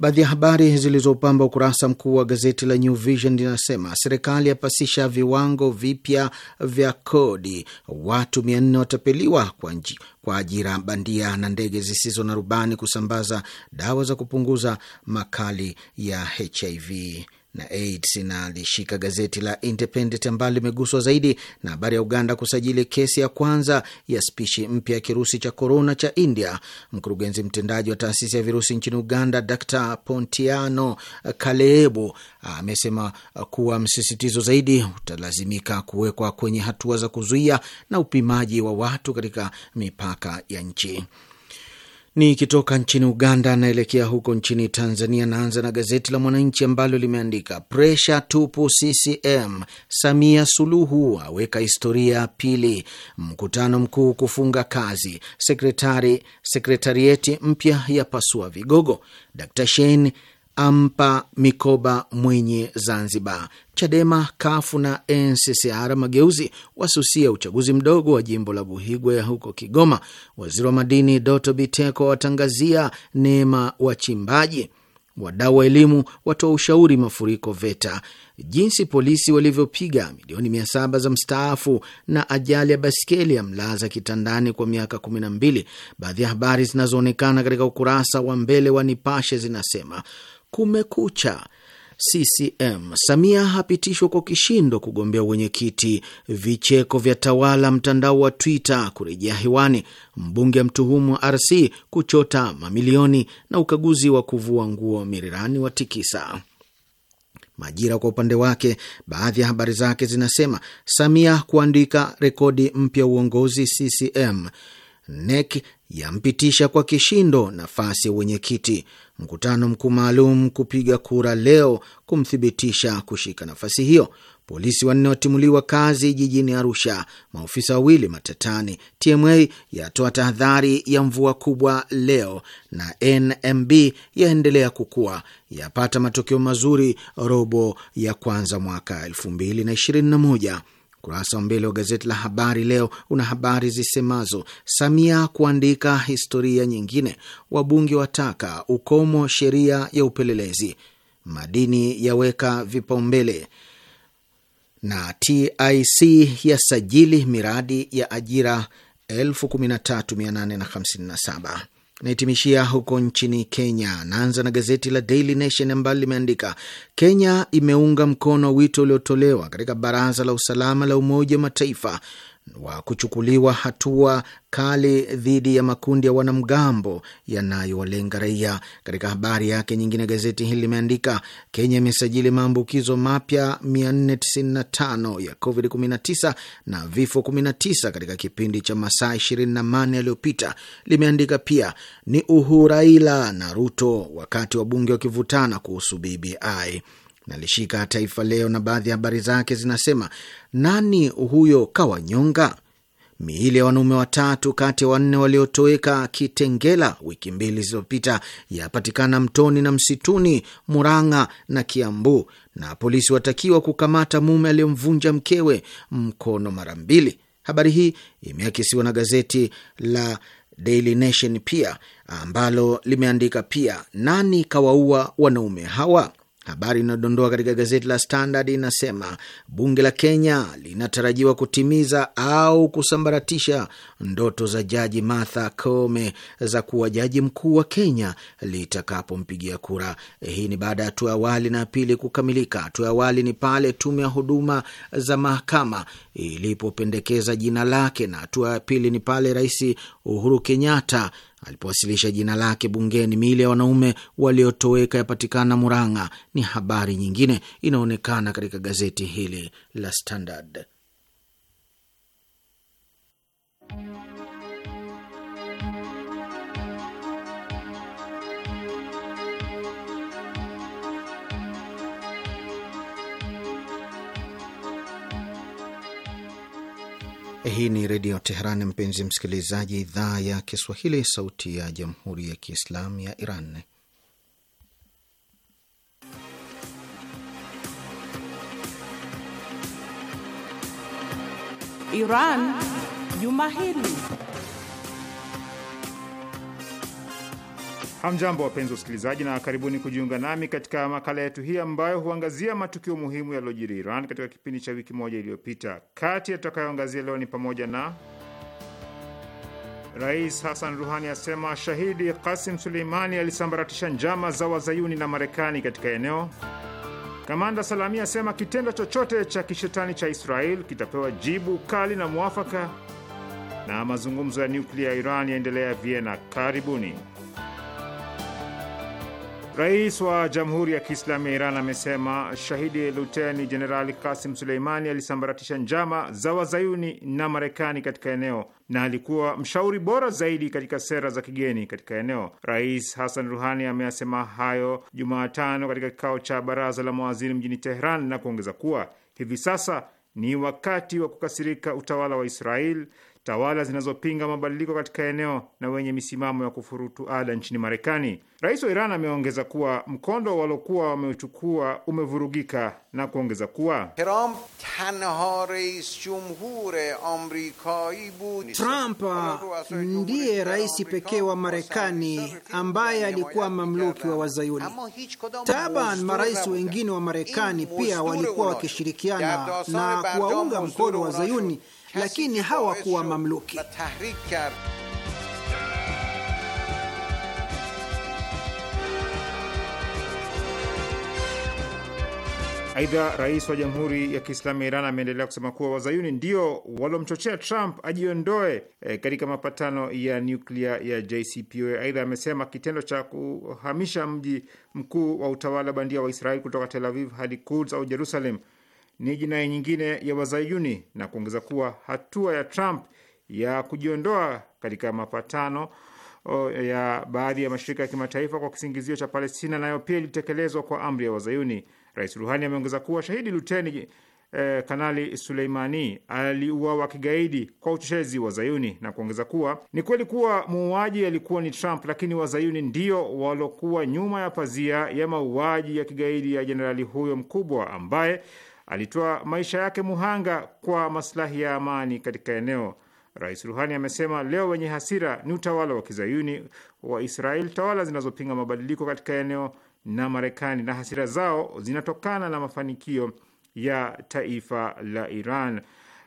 S4: Baadhi ya habari zilizopamba ukurasa mkuu wa gazeti la New Vision linasema serikali yapasisha viwango vipya vya kodi, watu mia nne watapeliwa kwa nji kwa ajira bandia, na ndege zisizo na rubani kusambaza dawa za kupunguza makali ya HIV na AIDS na lishika gazeti la Independent ambalo limeguswa zaidi na habari ya Uganda kusajili kesi ya kwanza ya spishi mpya ya kirusi cha korona cha India. Mkurugenzi mtendaji wa taasisi ya virusi nchini Uganda, Dr Pontiano Kaleebu, amesema kuwa msisitizo zaidi utalazimika kuwekwa kwenye hatua za kuzuia na upimaji wa watu katika mipaka ya nchi. Nikitoka nchini Uganda naelekea huko nchini Tanzania. Naanza na gazeti la Mwananchi ambalo limeandika presha tupu CCM, Samia Suluhu aweka historia pili, mkutano mkuu kufunga kazi, sekretari sekretarieti mpya ya pasua vigogo, d Shein ampa mikoba mwenye Zanzibar. Chadema, Kafu na NCCR Mageuzi wasusia uchaguzi mdogo wa jimbo la Buhigwe huko Kigoma. Waziri wa madini Doto Biteko watangazia neema wachimbaji. Wadau wa elimu watoa ushauri mafuriko VETA. Jinsi polisi walivyopiga milioni mia saba za mstaafu, na ajali ya baskeli ya mlaza kitandani kwa miaka kumi na mbili. Baadhi ya habari zinazoonekana katika ukurasa wa mbele wa Nipashe zinasema Kumekucha CCM, Samia hapitishwa kwa kishindo kugombea wenyekiti. Vicheko vya tawala mtandao wa Twitter kurejea hewani. Mbunge mtuhumu wa RC kuchota mamilioni, na ukaguzi wa kuvua nguo mirirani wa tikisa Majira kwa upande wake, baadhi ya habari zake zinasema Samia kuandika rekodi mpya uongozi CCM. NEC yampitisha kwa kishindo nafasi ya wenyekiti. Mkutano mkuu maalum kupiga kura leo kumthibitisha kushika nafasi hiyo. Polisi wanne watimuliwa kazi jijini Arusha, maofisa wawili matatani. TMA yatoa tahadhari ya mvua kubwa leo, na NMB yaendelea kukua, yapata matokeo mazuri robo ya kwanza mwaka 221 Kurasa wa mbele wa gazeti la Habari Leo una habari zisemazo: Samia kuandika historia nyingine, wabunge wataka ukomo sheria ya upelelezi, madini yaweka vipaumbele na TIC yasajili miradi ya ajira 13857. Nahitimishia huko nchini Kenya. Naanza na gazeti la Daily Nation ambalo limeandika Kenya imeunga mkono wito uliotolewa katika baraza la usalama la Umoja wa Mataifa wa kuchukuliwa hatua kali dhidi ya makundi ya wanamgambo yanayowalenga raia. Katika habari yake nyingine, gazeti hili limeandika Kenya imesajili maambukizo mapya 495 ya COVID-19 na vifo 19 katika kipindi cha masaa 24 yaliyopita. Limeandika pia ni uhuraila na Ruto wakati wa bunge wakivutana kuhusu BBI nalishika Taifa Leo na baadhi ya habari zake zinasema: nani huyo kawanyonga? Miili ya wanaume watatu kati ya wanne waliotoweka Kitengela wiki mbili zilizopita yapatikana mtoni na msituni Murang'a na Kiambu, na polisi watakiwa kukamata mume aliyemvunja mkewe mkono mara mbili. Habari hii imeakisiwa na gazeti la Daily Nation pia ambalo limeandika pia, nani kawaua wanaume hawa? Habari inayodondoa katika gazeti la Standard inasema bunge la Kenya linatarajiwa kutimiza au kusambaratisha ndoto za Jaji Martha Koome za kuwa jaji mkuu wa Kenya litakapompigia kura. Hii ni baada ya hatua ya awali na ya pili kukamilika. Hatua ya awali ni pale tume ya huduma za mahakama ilipopendekeza jina lake, na hatua ya pili ni pale Rais Uhuru Kenyatta alipowasilisha jina lake bungeni, miili ya wanaume waliotoweka yapatikana Murang'a, ni habari nyingine inaonekana katika gazeti hili la Standard. Hii ni Redio Teheran, mpenzi msikilizaji, idhaa ya Kiswahili, sauti ya Jamhuri ya Kiislamu ya Iran.
S6: Iran Juma Hili.
S7: Hamjambo, wapenzi wasikilizaji, na karibuni kujiunga nami katika makala yetu hii ambayo huangazia matukio muhimu yaliyojiri Iran katika kipindi cha wiki moja iliyopita. Kati ya tutakayoangazia leo ni pamoja na Rais Hasan Ruhani asema shahidi Kasim Suleimani alisambaratisha njama za wazayuni na Marekani katika eneo. Kamanda Salami asema kitendo chochote cha kishetani cha Israel kitapewa jibu kali na mwafaka, na mazungumzo ya nyuklia ya Iran yaendelea Vienna. Karibuni. Rais wa Jamhuri ya Kiislamu ya Iran amesema shahidi luteni jenerali Kasim Suleimani alisambaratisha njama za wazayuni na Marekani katika eneo na alikuwa mshauri bora zaidi katika sera za kigeni katika eneo. Rais Hassan Ruhani ameyasema hayo Jumatano katika kikao cha baraza la mawaziri mjini teheran na kuongeza kuwa hivi sasa ni wakati wa kukasirika utawala wa Israel tawala zinazopinga mabadiliko katika eneo na wenye misimamo ya kufurutu ada nchini Marekani. Rais wa Iran ameongeza kuwa mkondo waliokuwa wameuchukua umevurugika na kuongeza kuwa
S6: Trump uh, uh, ndiye rais pekee wa Marekani ambaye alikuwa mamluki wa Wazayuni. Taban, marais wengine wa Marekani pia walikuwa wakishirikiana na kuwaunga mkono Wazayuni lakini hawakuwa mamluki.
S7: Aidha, rais wa Jamhuri ya Kiislamu ya Iran ameendelea kusema kuwa wazayuni ndio waliomchochea Trump ajiondoe e, katika mapatano ya nyuklia ya JCPOA. Aidha, amesema kitendo cha kuhamisha mji mkuu wa utawala bandia wa Israeli kutoka Tel Aviv hadi Kuds au Jerusalem ni jinai nyingine ya Wazayuni na kuongeza kuwa hatua ya Trump ya kujiondoa katika mapatano ya baadhi ya mashirika ya kimataifa kwa kisingizio cha Palestina nayo pia ilitekelezwa kwa amri ya Wazayuni. Rais Ruhani ameongeza kuwa shahidi luteni eh, Kanali Suleimani aliuawa kigaidi kwa uchochezi wa Zayuni na kuongeza kuwa ni kweli kuwa muuaji alikuwa ni Trump, lakini Wazayuni ndio waliokuwa nyuma ya pazia ya mauaji ya kigaidi ya jenerali huyo mkubwa ambaye alitoa maisha yake muhanga kwa maslahi ya amani katika eneo. Rais Ruhani amesema leo wenye hasira ni utawala wa kizayuni wa Israel, tawala zinazopinga mabadiliko katika eneo na Marekani, na hasira zao zinatokana na mafanikio ya taifa la Iran.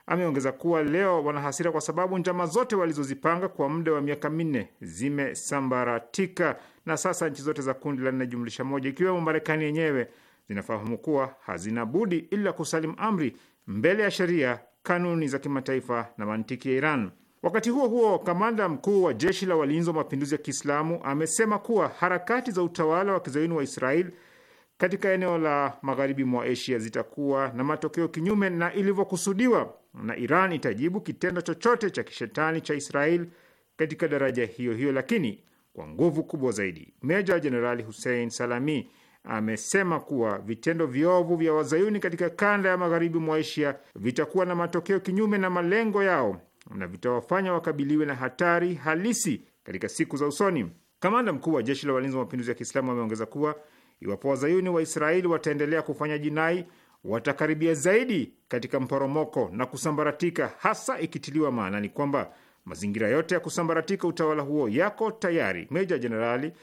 S7: Ameongeza kuwa leo wana hasira kwa sababu njama zote walizozipanga kwa muda wa miaka minne zimesambaratika na sasa nchi zote za kundi la nne jumlisha moja ikiwemo Marekani yenyewe zinafahamu kuwa hazina budi ila kusalimu amri mbele ya sheria, kanuni za kimataifa na mantiki ya Iran. Wakati huo huo, kamanda mkuu wa jeshi la walinzi wa mapinduzi ya Kiislamu amesema kuwa harakati za utawala wa kizayuni wa Israel katika eneo la magharibi mwa Asia zitakuwa na matokeo kinyume na ilivyokusudiwa, na Iran itajibu kitendo chochote cha kishetani cha Israel katika daraja hiyo hiyo, lakini kwa nguvu kubwa zaidi. Meja Jenerali Hussein Salami amesema kuwa vitendo viovu vya wazayuni katika kanda ya magharibi mwa Asia vitakuwa na matokeo kinyume na malengo yao na vitawafanya wakabiliwe na hatari halisi katika siku za usoni. Kamanda mkuu wa jeshi la walinzi wa mapinduzi ya Kiislamu ameongeza kuwa iwapo wazayuni wa Israeli wataendelea kufanya jinai, watakaribia zaidi katika mporomoko na kusambaratika, hasa ikitiliwa maanani kwamba mazingira yote ya kusambaratika utawala huo yako tayari. Meja Jenerali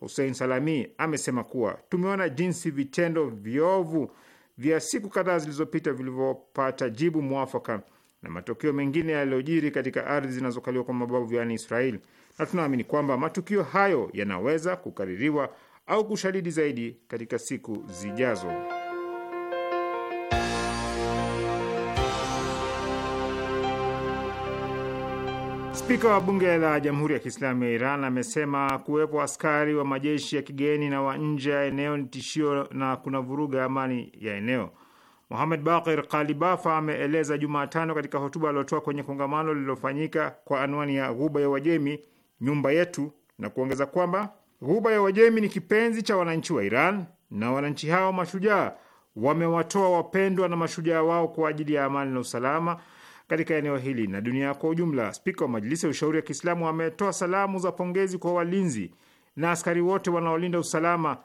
S7: Hussein Salami amesema kuwa tumeona jinsi vitendo viovu vya siku kadhaa zilizopita vilivyopata jibu mwafaka na matukio mengine yaliyojiri katika ardhi zinazokaliwa kwa mabavu yaani Israeli, na tunaamini kwamba matukio hayo yanaweza kukaririwa au kushadidi zaidi katika siku zijazo. Spika wa bunge la Jamhuri ya Kiislamu ya Iran amesema kuwepo askari wa majeshi ya kigeni na wa nje ya eneo ni tishio na kuna vuruga amani ya eneo. muhamed Bakir Kalibafa ameeleza Jumatano katika hotuba aliotoa kwenye kongamano lililofanyika kwa anwani ya Ghuba ya Uajemi, nyumba yetu, na kuongeza kwamba Ghuba ya Uajemi ni kipenzi cha wananchi wa Iran na wananchi hao mashujaa wamewatoa wapendwa na mashujaa wao kwa ajili ya amani na usalama katika eneo hili na dunia kwa ujumla. Spika wa Majilisi ya Ushauri ya Kiislamu ametoa salamu za pongezi kwa walinzi na askari wote wanaolinda usalama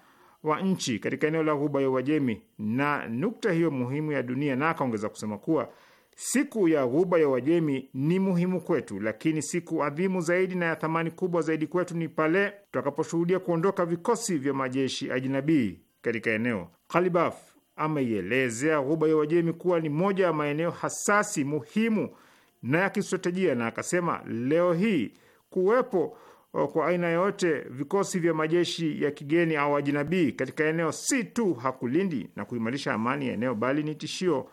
S7: wa nchi katika eneo la Ghuba ya Uajemi na nukta hiyo muhimu ya dunia, na akaongeza kusema kuwa siku ya Ghuba ya Uajemi ni muhimu kwetu, lakini siku adhimu zaidi na ya thamani kubwa zaidi kwetu ni pale tutakaposhuhudia kuondoka vikosi vya majeshi ajinabii katika eneo. Ghalibaf ameielezea Ghuba ya Uajemi kuwa ni moja ya maeneo hasasi muhimu na ya kistratejia, na akasema leo hii kuwepo kwa aina yote vikosi vya majeshi ya kigeni au ajinabii katika eneo si tu hakulindi na kuimarisha amani ya eneo, bali ni tishio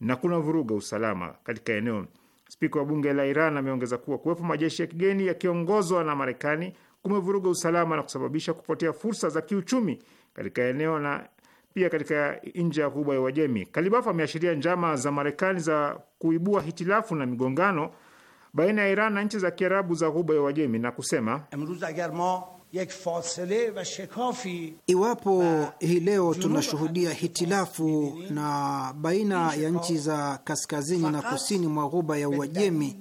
S7: na kuna vuruga usalama katika eneo. Spika wa bunge la Iran ameongeza kuwa kuwepo majeshi ya kigeni yakiongozwa na Marekani kumevuruga usalama na kusababisha kupotea fursa za kiuchumi katika eneo na pia katika nje ya Ghuba ya Uajemi. kalibafu ameashiria njama za Marekani za kuibua hitilafu na migongano baina ya Iran na nchi za Kiarabu za Ghuba ya Uajemi na kusema Iwapo
S6: hii leo tunashuhudia hitilafu na baina ya nchi za kaskazini na kusini mwa ghuba ya Uajemi,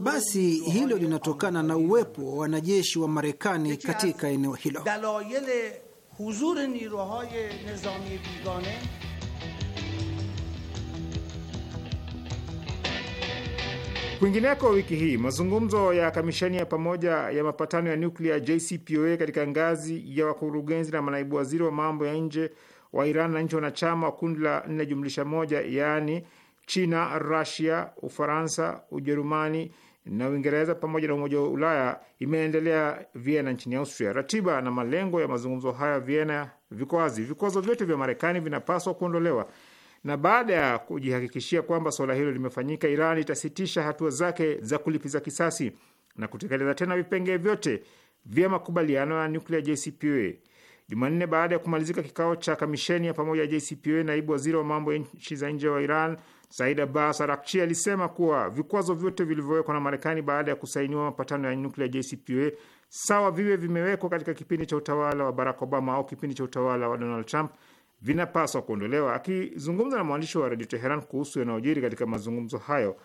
S6: basi hilo linatokana na uwepo wa wanajeshi wa Marekani katika eneo hilo.
S4: حضور نیروهای نظامی بیگانه
S7: Kwingineko, wiki hii mazungumzo ya kamisheni ya pamoja ya mapatano ya nuklia JCPOA katika ngazi ya wakurugenzi na manaibu waziri wa mambo ya nje wa Iran na nchi wanachama wa kundi la nne jumlisha moja, yaani China, Rusia, Ufaransa, Ujerumani, na Uingereza pamoja na Umoja wa Ulaya imeendelea Vienna nchini Austria. Ratiba na malengo ya mazungumzo haya Vienna viko wazi. Vikwazo vyote vya Marekani vinapaswa kuondolewa, na baada ya kujihakikishia kwamba suala hilo limefanyika, Iran itasitisha hatua zake za kulipiza kisasi na kutekeleza tena vipengee vyote vya makubaliano ya nyuklia JCPOA. Jumanne, baada ya kumalizika kikao cha kamisheni ya pamoja ya JCPOA, naibu waziri wa mambo ya nchi za nje wa Iran Said Abbas Arakchi alisema kuwa vikwazo vyote vilivyowekwa na Marekani baada ya kusainiwa mapatano ya nyuklia JCPOA sawa viwe vimewekwa katika kipindi cha utawala wa Barack Obama au kipindi cha utawala wa Donald Trump vinapaswa kuondolewa. Akizungumza na mwandishi wa redio Teheran kuhusu yanayojiri katika mazungumzo hayo,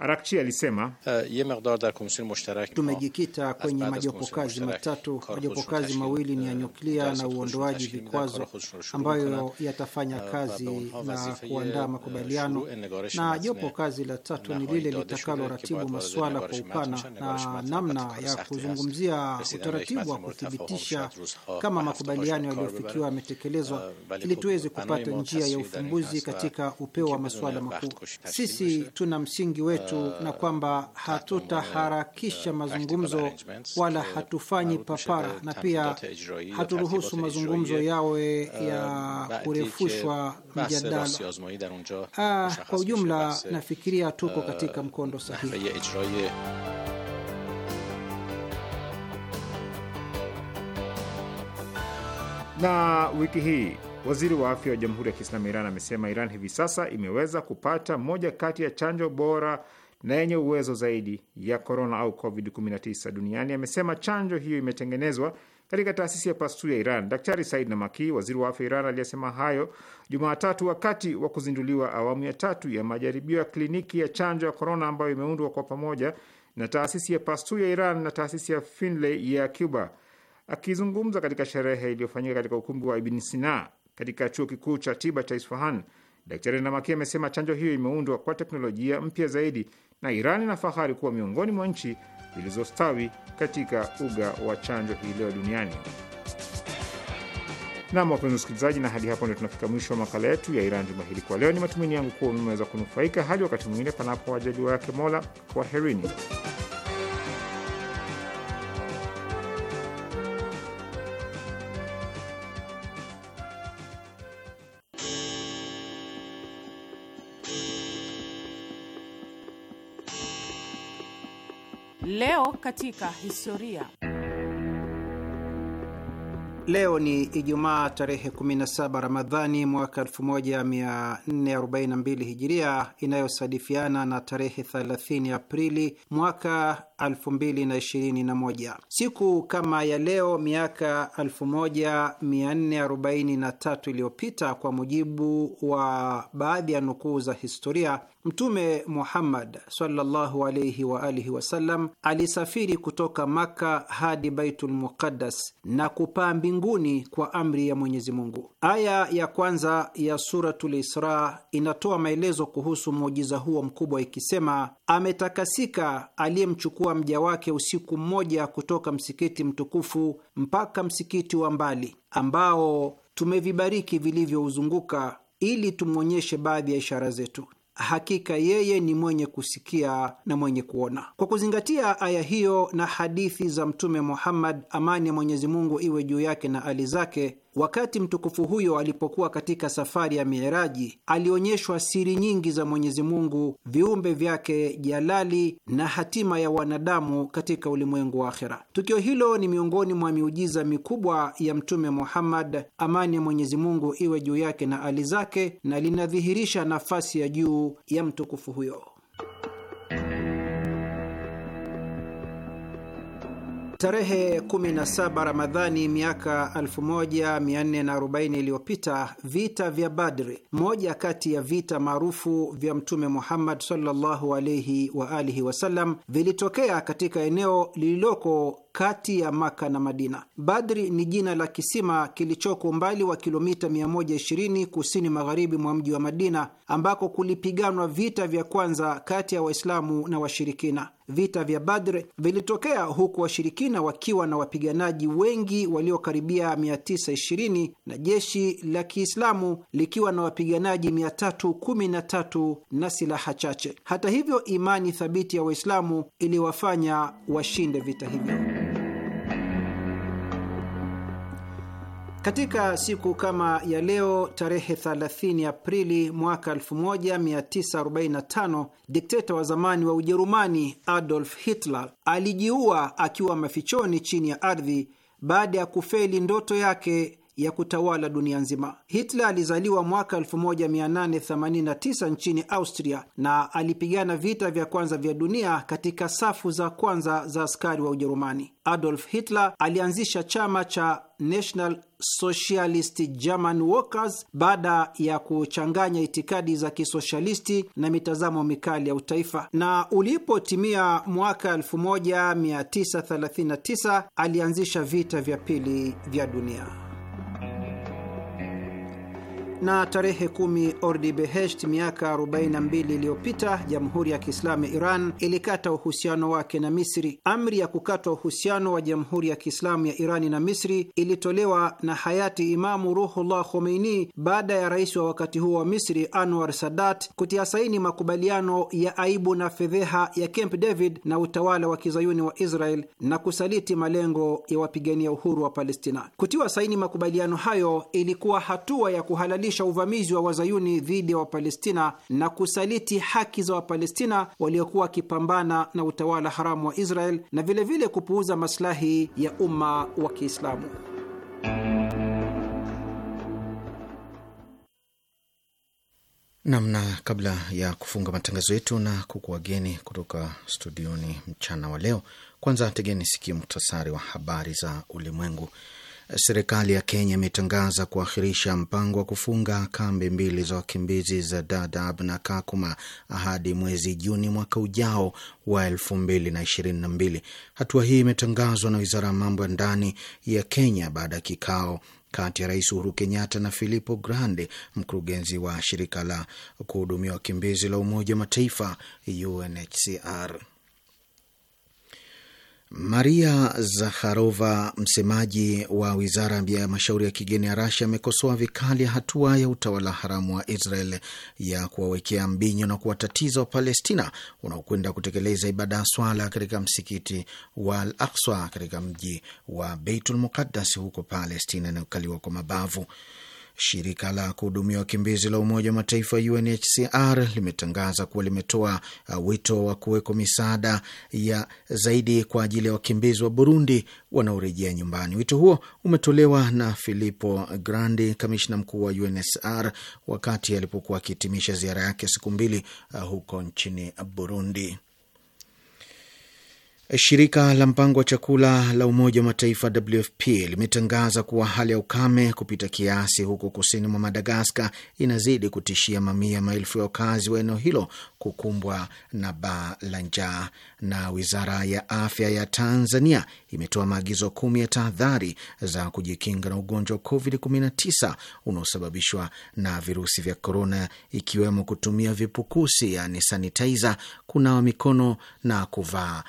S7: Arakchi alisema eh, tumejikita
S6: kwenye majopo kazi matatu. Majopo kazi mawili ni ya eh, nyuklia na uondoaji vikwazo ambayo yatafanya eh, kazi na kuandaa makubaliano, na jopo kazi la tatu ni lile litakalo ratibu masuala kwa upana na namna ya kuzungumzia utaratibu wa kuthibitisha
S4: kama makubaliano yaliyofikiwa
S6: yametekelezwa, ili tuweze kupata njia ya ufumbuzi katika upeo wa masuala makuu. Sisi tuna msingi wetu yetu na kwamba hatutaharakisha mazungumzo wala hatufanyi papara, na pia haturuhusu mazungumzo yawe ya kurefushwa mjadala.
S5: Ah, kwa ujumla nafikiria tuko katika mkondo sahihi.
S7: Na wiki hii waziri wa afya wa Jamhuri ya Kiislamu ya Iran amesema Iran hivi sasa imeweza kupata moja kati ya chanjo bora na yenye uwezo zaidi ya korona au covid-19 duniani amesema chanjo hiyo imetengenezwa katika taasisi ya Pastu ya Iran. Daktari Said Namaki, waziri wa afya Iran, aliyesema hayo Jumatatu wakati wa kuzinduliwa awamu ya tatu ya majaribio ya kliniki ya chanjo ya korona ambayo imeundwa kwa pamoja na taasisi ya Pastu ya Iran na taasisi ya Finlay ya Cuba. Akizungumza katika sherehe iliyofanyika katika ukumbi wa Ibn Sina katika chuo kikuu cha tiba cha Isfahan, Daktari Namaki amesema chanjo hiyo imeundwa kwa teknolojia mpya zaidi, na Iran ina fahari kuwa miongoni mwa nchi zilizostawi katika uga wa chanjo hii leo duniani. Nam, wapenzi wasikilizaji, na hadi hapo ndio tunafika mwisho wa makala yetu ya Iran juma hili kwa leo. Ni matumaini yangu kuwa umeweza kunufaika. Hadi wakati mwingine, panapo wajaliwa yake Mola, kwaherini.
S2: Leo katika historia.
S6: Leo ni Ijumaa tarehe 17 Ramadhani mwaka 1442 Hijiria, inayosadifiana na tarehe 30 Aprili mwaka 2021. Siku kama ya leo miaka 1443 iliyopita, kwa mujibu wa baadhi ya nukuu za historia, Mtume Muhammad sallallahu alayhi wa alihi wasallam alisafiri kutoka Makka hadi Baitul Muqaddas na kupaa mbinguni kwa amri ya Mwenyezi Mungu. Aya ya kwanza ya Suratul Isra inatoa maelezo kuhusu muujiza huo mkubwa ikisema, ametakasika aliyemchukua kuvuka mja wake usiku mmoja kutoka msikiti mtukufu mpaka msikiti wa mbali ambao tumevibariki vilivyouzunguka ili tumwonyeshe baadhi ya ishara zetu. Hakika yeye ni mwenye kusikia na mwenye kuona. Kwa kuzingatia aya hiyo na hadithi za Mtume Muhammad, amani ya Mwenyezi Mungu iwe juu yake na ali zake Wakati mtukufu huyo alipokuwa katika safari ya Mieraji, alionyeshwa siri nyingi za Mwenyezi Mungu, viumbe vyake jalali na hatima ya wanadamu katika ulimwengu wa akhera. Tukio hilo ni miongoni mwa miujiza mikubwa ya Mtume Muhammad, amani ya Mwenyezi Mungu iwe juu yake na ali zake, na linadhihirisha nafasi ya juu ya mtukufu huyo. Tarehe 17 Ramadhani miaka 1440 iliyopita, vita vya Badri, moja kati ya vita maarufu vya Mtume Muhammad sallallahu alaihi wa alihi wasallam, vilitokea katika eneo lililoko kati ya Maka na Madina. Badri ni jina la kisima kilichoko umbali wa kilomita 120 kusini magharibi mwa mji wa Madina, ambako kulipiganwa vita vya kwanza kati ya Waislamu na washirikina. Vita vya Badr vilitokea huku washirikina wakiwa na wapiganaji wengi waliokaribia 920 na jeshi la Kiislamu likiwa na wapiganaji 313 na silaha chache. Hata hivyo, imani thabiti ya Waislamu iliwafanya washinde vita hivyo. Katika siku kama ya leo tarehe 30 Aprili mwaka 1945 dikteta wa zamani wa Ujerumani Adolf Hitler alijiua akiwa mafichoni chini ya ardhi baada ya kufeli ndoto yake ya kutawala dunia nzima. Hitler alizaliwa mwaka 1889 nchini Austria na alipigana vita vya kwanza vya dunia katika safu za kwanza za askari wa Ujerumani. Adolf Hitler alianzisha chama cha National Socialist German Workers baada ya kuchanganya itikadi za kisoshalisti na mitazamo mikali ya utaifa. Na ulipotimia mwaka 1939 alianzisha vita vya pili vya dunia na tarehe kumi Behesht miaka 42 iliyopita Jamhuri ya Kiislamu ya Iran ilikata uhusiano wake na Misri. Amri ya kukatwa uhusiano wa Jamhuri ya Kiislamu ya Irani na Misri ilitolewa na hayati Imamu Ruhullah Khomeini baada ya rais wa wakati huo wa Misri Anwar Sadat kutia saini makubaliano ya aibu na fedheha ya Camp David na utawala wa kizayuni wa Israel na kusaliti malengo ya wapigania uhuru wa Palestina. Kutiwa saini makubaliano hayo ilikuwa hatua ya kuhalalisha kuimarisha uvamizi wa wazayuni dhidi ya Wapalestina na kusaliti haki za Wapalestina waliokuwa wakipambana na utawala haramu wa Israel na vilevile vile kupuuza masilahi ya umma wa Kiislamu.
S4: Namna kabla ya kufunga matangazo yetu na kukuwageni kutoka studioni mchana wa leo, kwanza tegeni sikio muktasari wa habari za ulimwengu. Serikali ya Kenya imetangaza kuahirisha mpango wa kufunga kambi mbili za wakimbizi za Dadaab na Kakuma hadi mwezi Juni mwaka ujao wa elfu mbili na ishirini na mbili. Hatua hii imetangazwa na wizara ya mambo ya ndani ya Kenya baada ya kikao kati ya Rais Uhuru Kenyatta na Filipo Grande, mkurugenzi wa shirika la kuhudumia wakimbizi la Umoja wa Mataifa, UNHCR. Maria Zakharova, msemaji wa wizara ya mashauri ya kigeni ya Rasia, amekosoa vikali hatua ya utawala haramu wa Israel ya kuwawekea mbinyo na kuwatatiza Wapalestina wanaokwenda kutekeleza ibada ya swala katika msikiti wa Al Akswa katika mji wa Beitul Muqaddas huko Palestina inayokaliwa kwa mabavu. Shirika la kuhudumia wakimbizi la Umoja wa Mataifa UNHCR limetangaza kuwa limetoa uh, wito wa kuwekwa misaada ya zaidi kwa ajili ya wakimbizi wa Burundi wanaorejea nyumbani. Wito huo umetolewa na Filippo Grandi, kamishna mkuu wa UNHCR, wakati alipokuwa akihitimisha ziara yake siku mbili uh, huko nchini Burundi. Shirika la mpango wa chakula la Umoja wa Mataifa WFP limetangaza kuwa hali ya ukame kupita kiasi huko kusini mwa Madagaskar inazidi kutishia mamia maelfu ya wakazi wa eneo hilo kukumbwa na baa la njaa. Na wizara ya afya ya Tanzania imetoa maagizo kumi ya tahadhari za kujikinga na ugonjwa wa COVID-19 unaosababishwa na virusi vya korona, ikiwemo kutumia vipukusi, yani sanitizer, kunawa mikono na kuvaa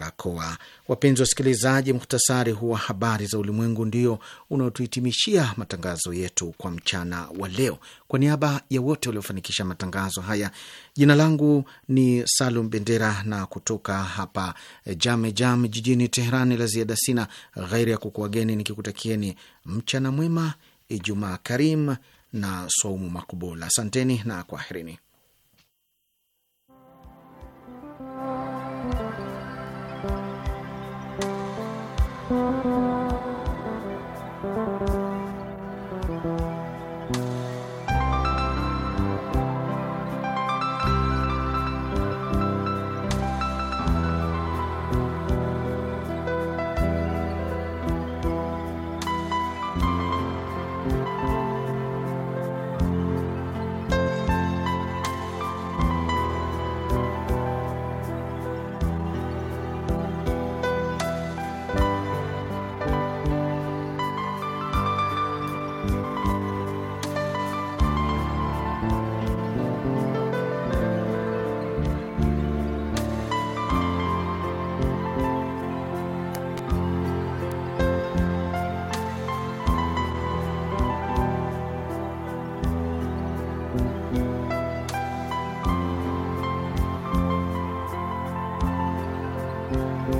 S4: barakoa. Wapenzi wasikilizaji, muhtasari huwa habari za ulimwengu ndio unaotuhitimishia matangazo yetu kwa mchana wa leo. Kwa niaba ya wote waliofanikisha matangazo haya, jina langu ni Salum Bendera na kutoka hapa Jame Jam jijini Teherani, la ziada sina ghairi ya kukuageni nikikutakieni mchana mwema, Ijumaa karim na saumu makubula. Asanteni na kwaherini.
S8: Thank you.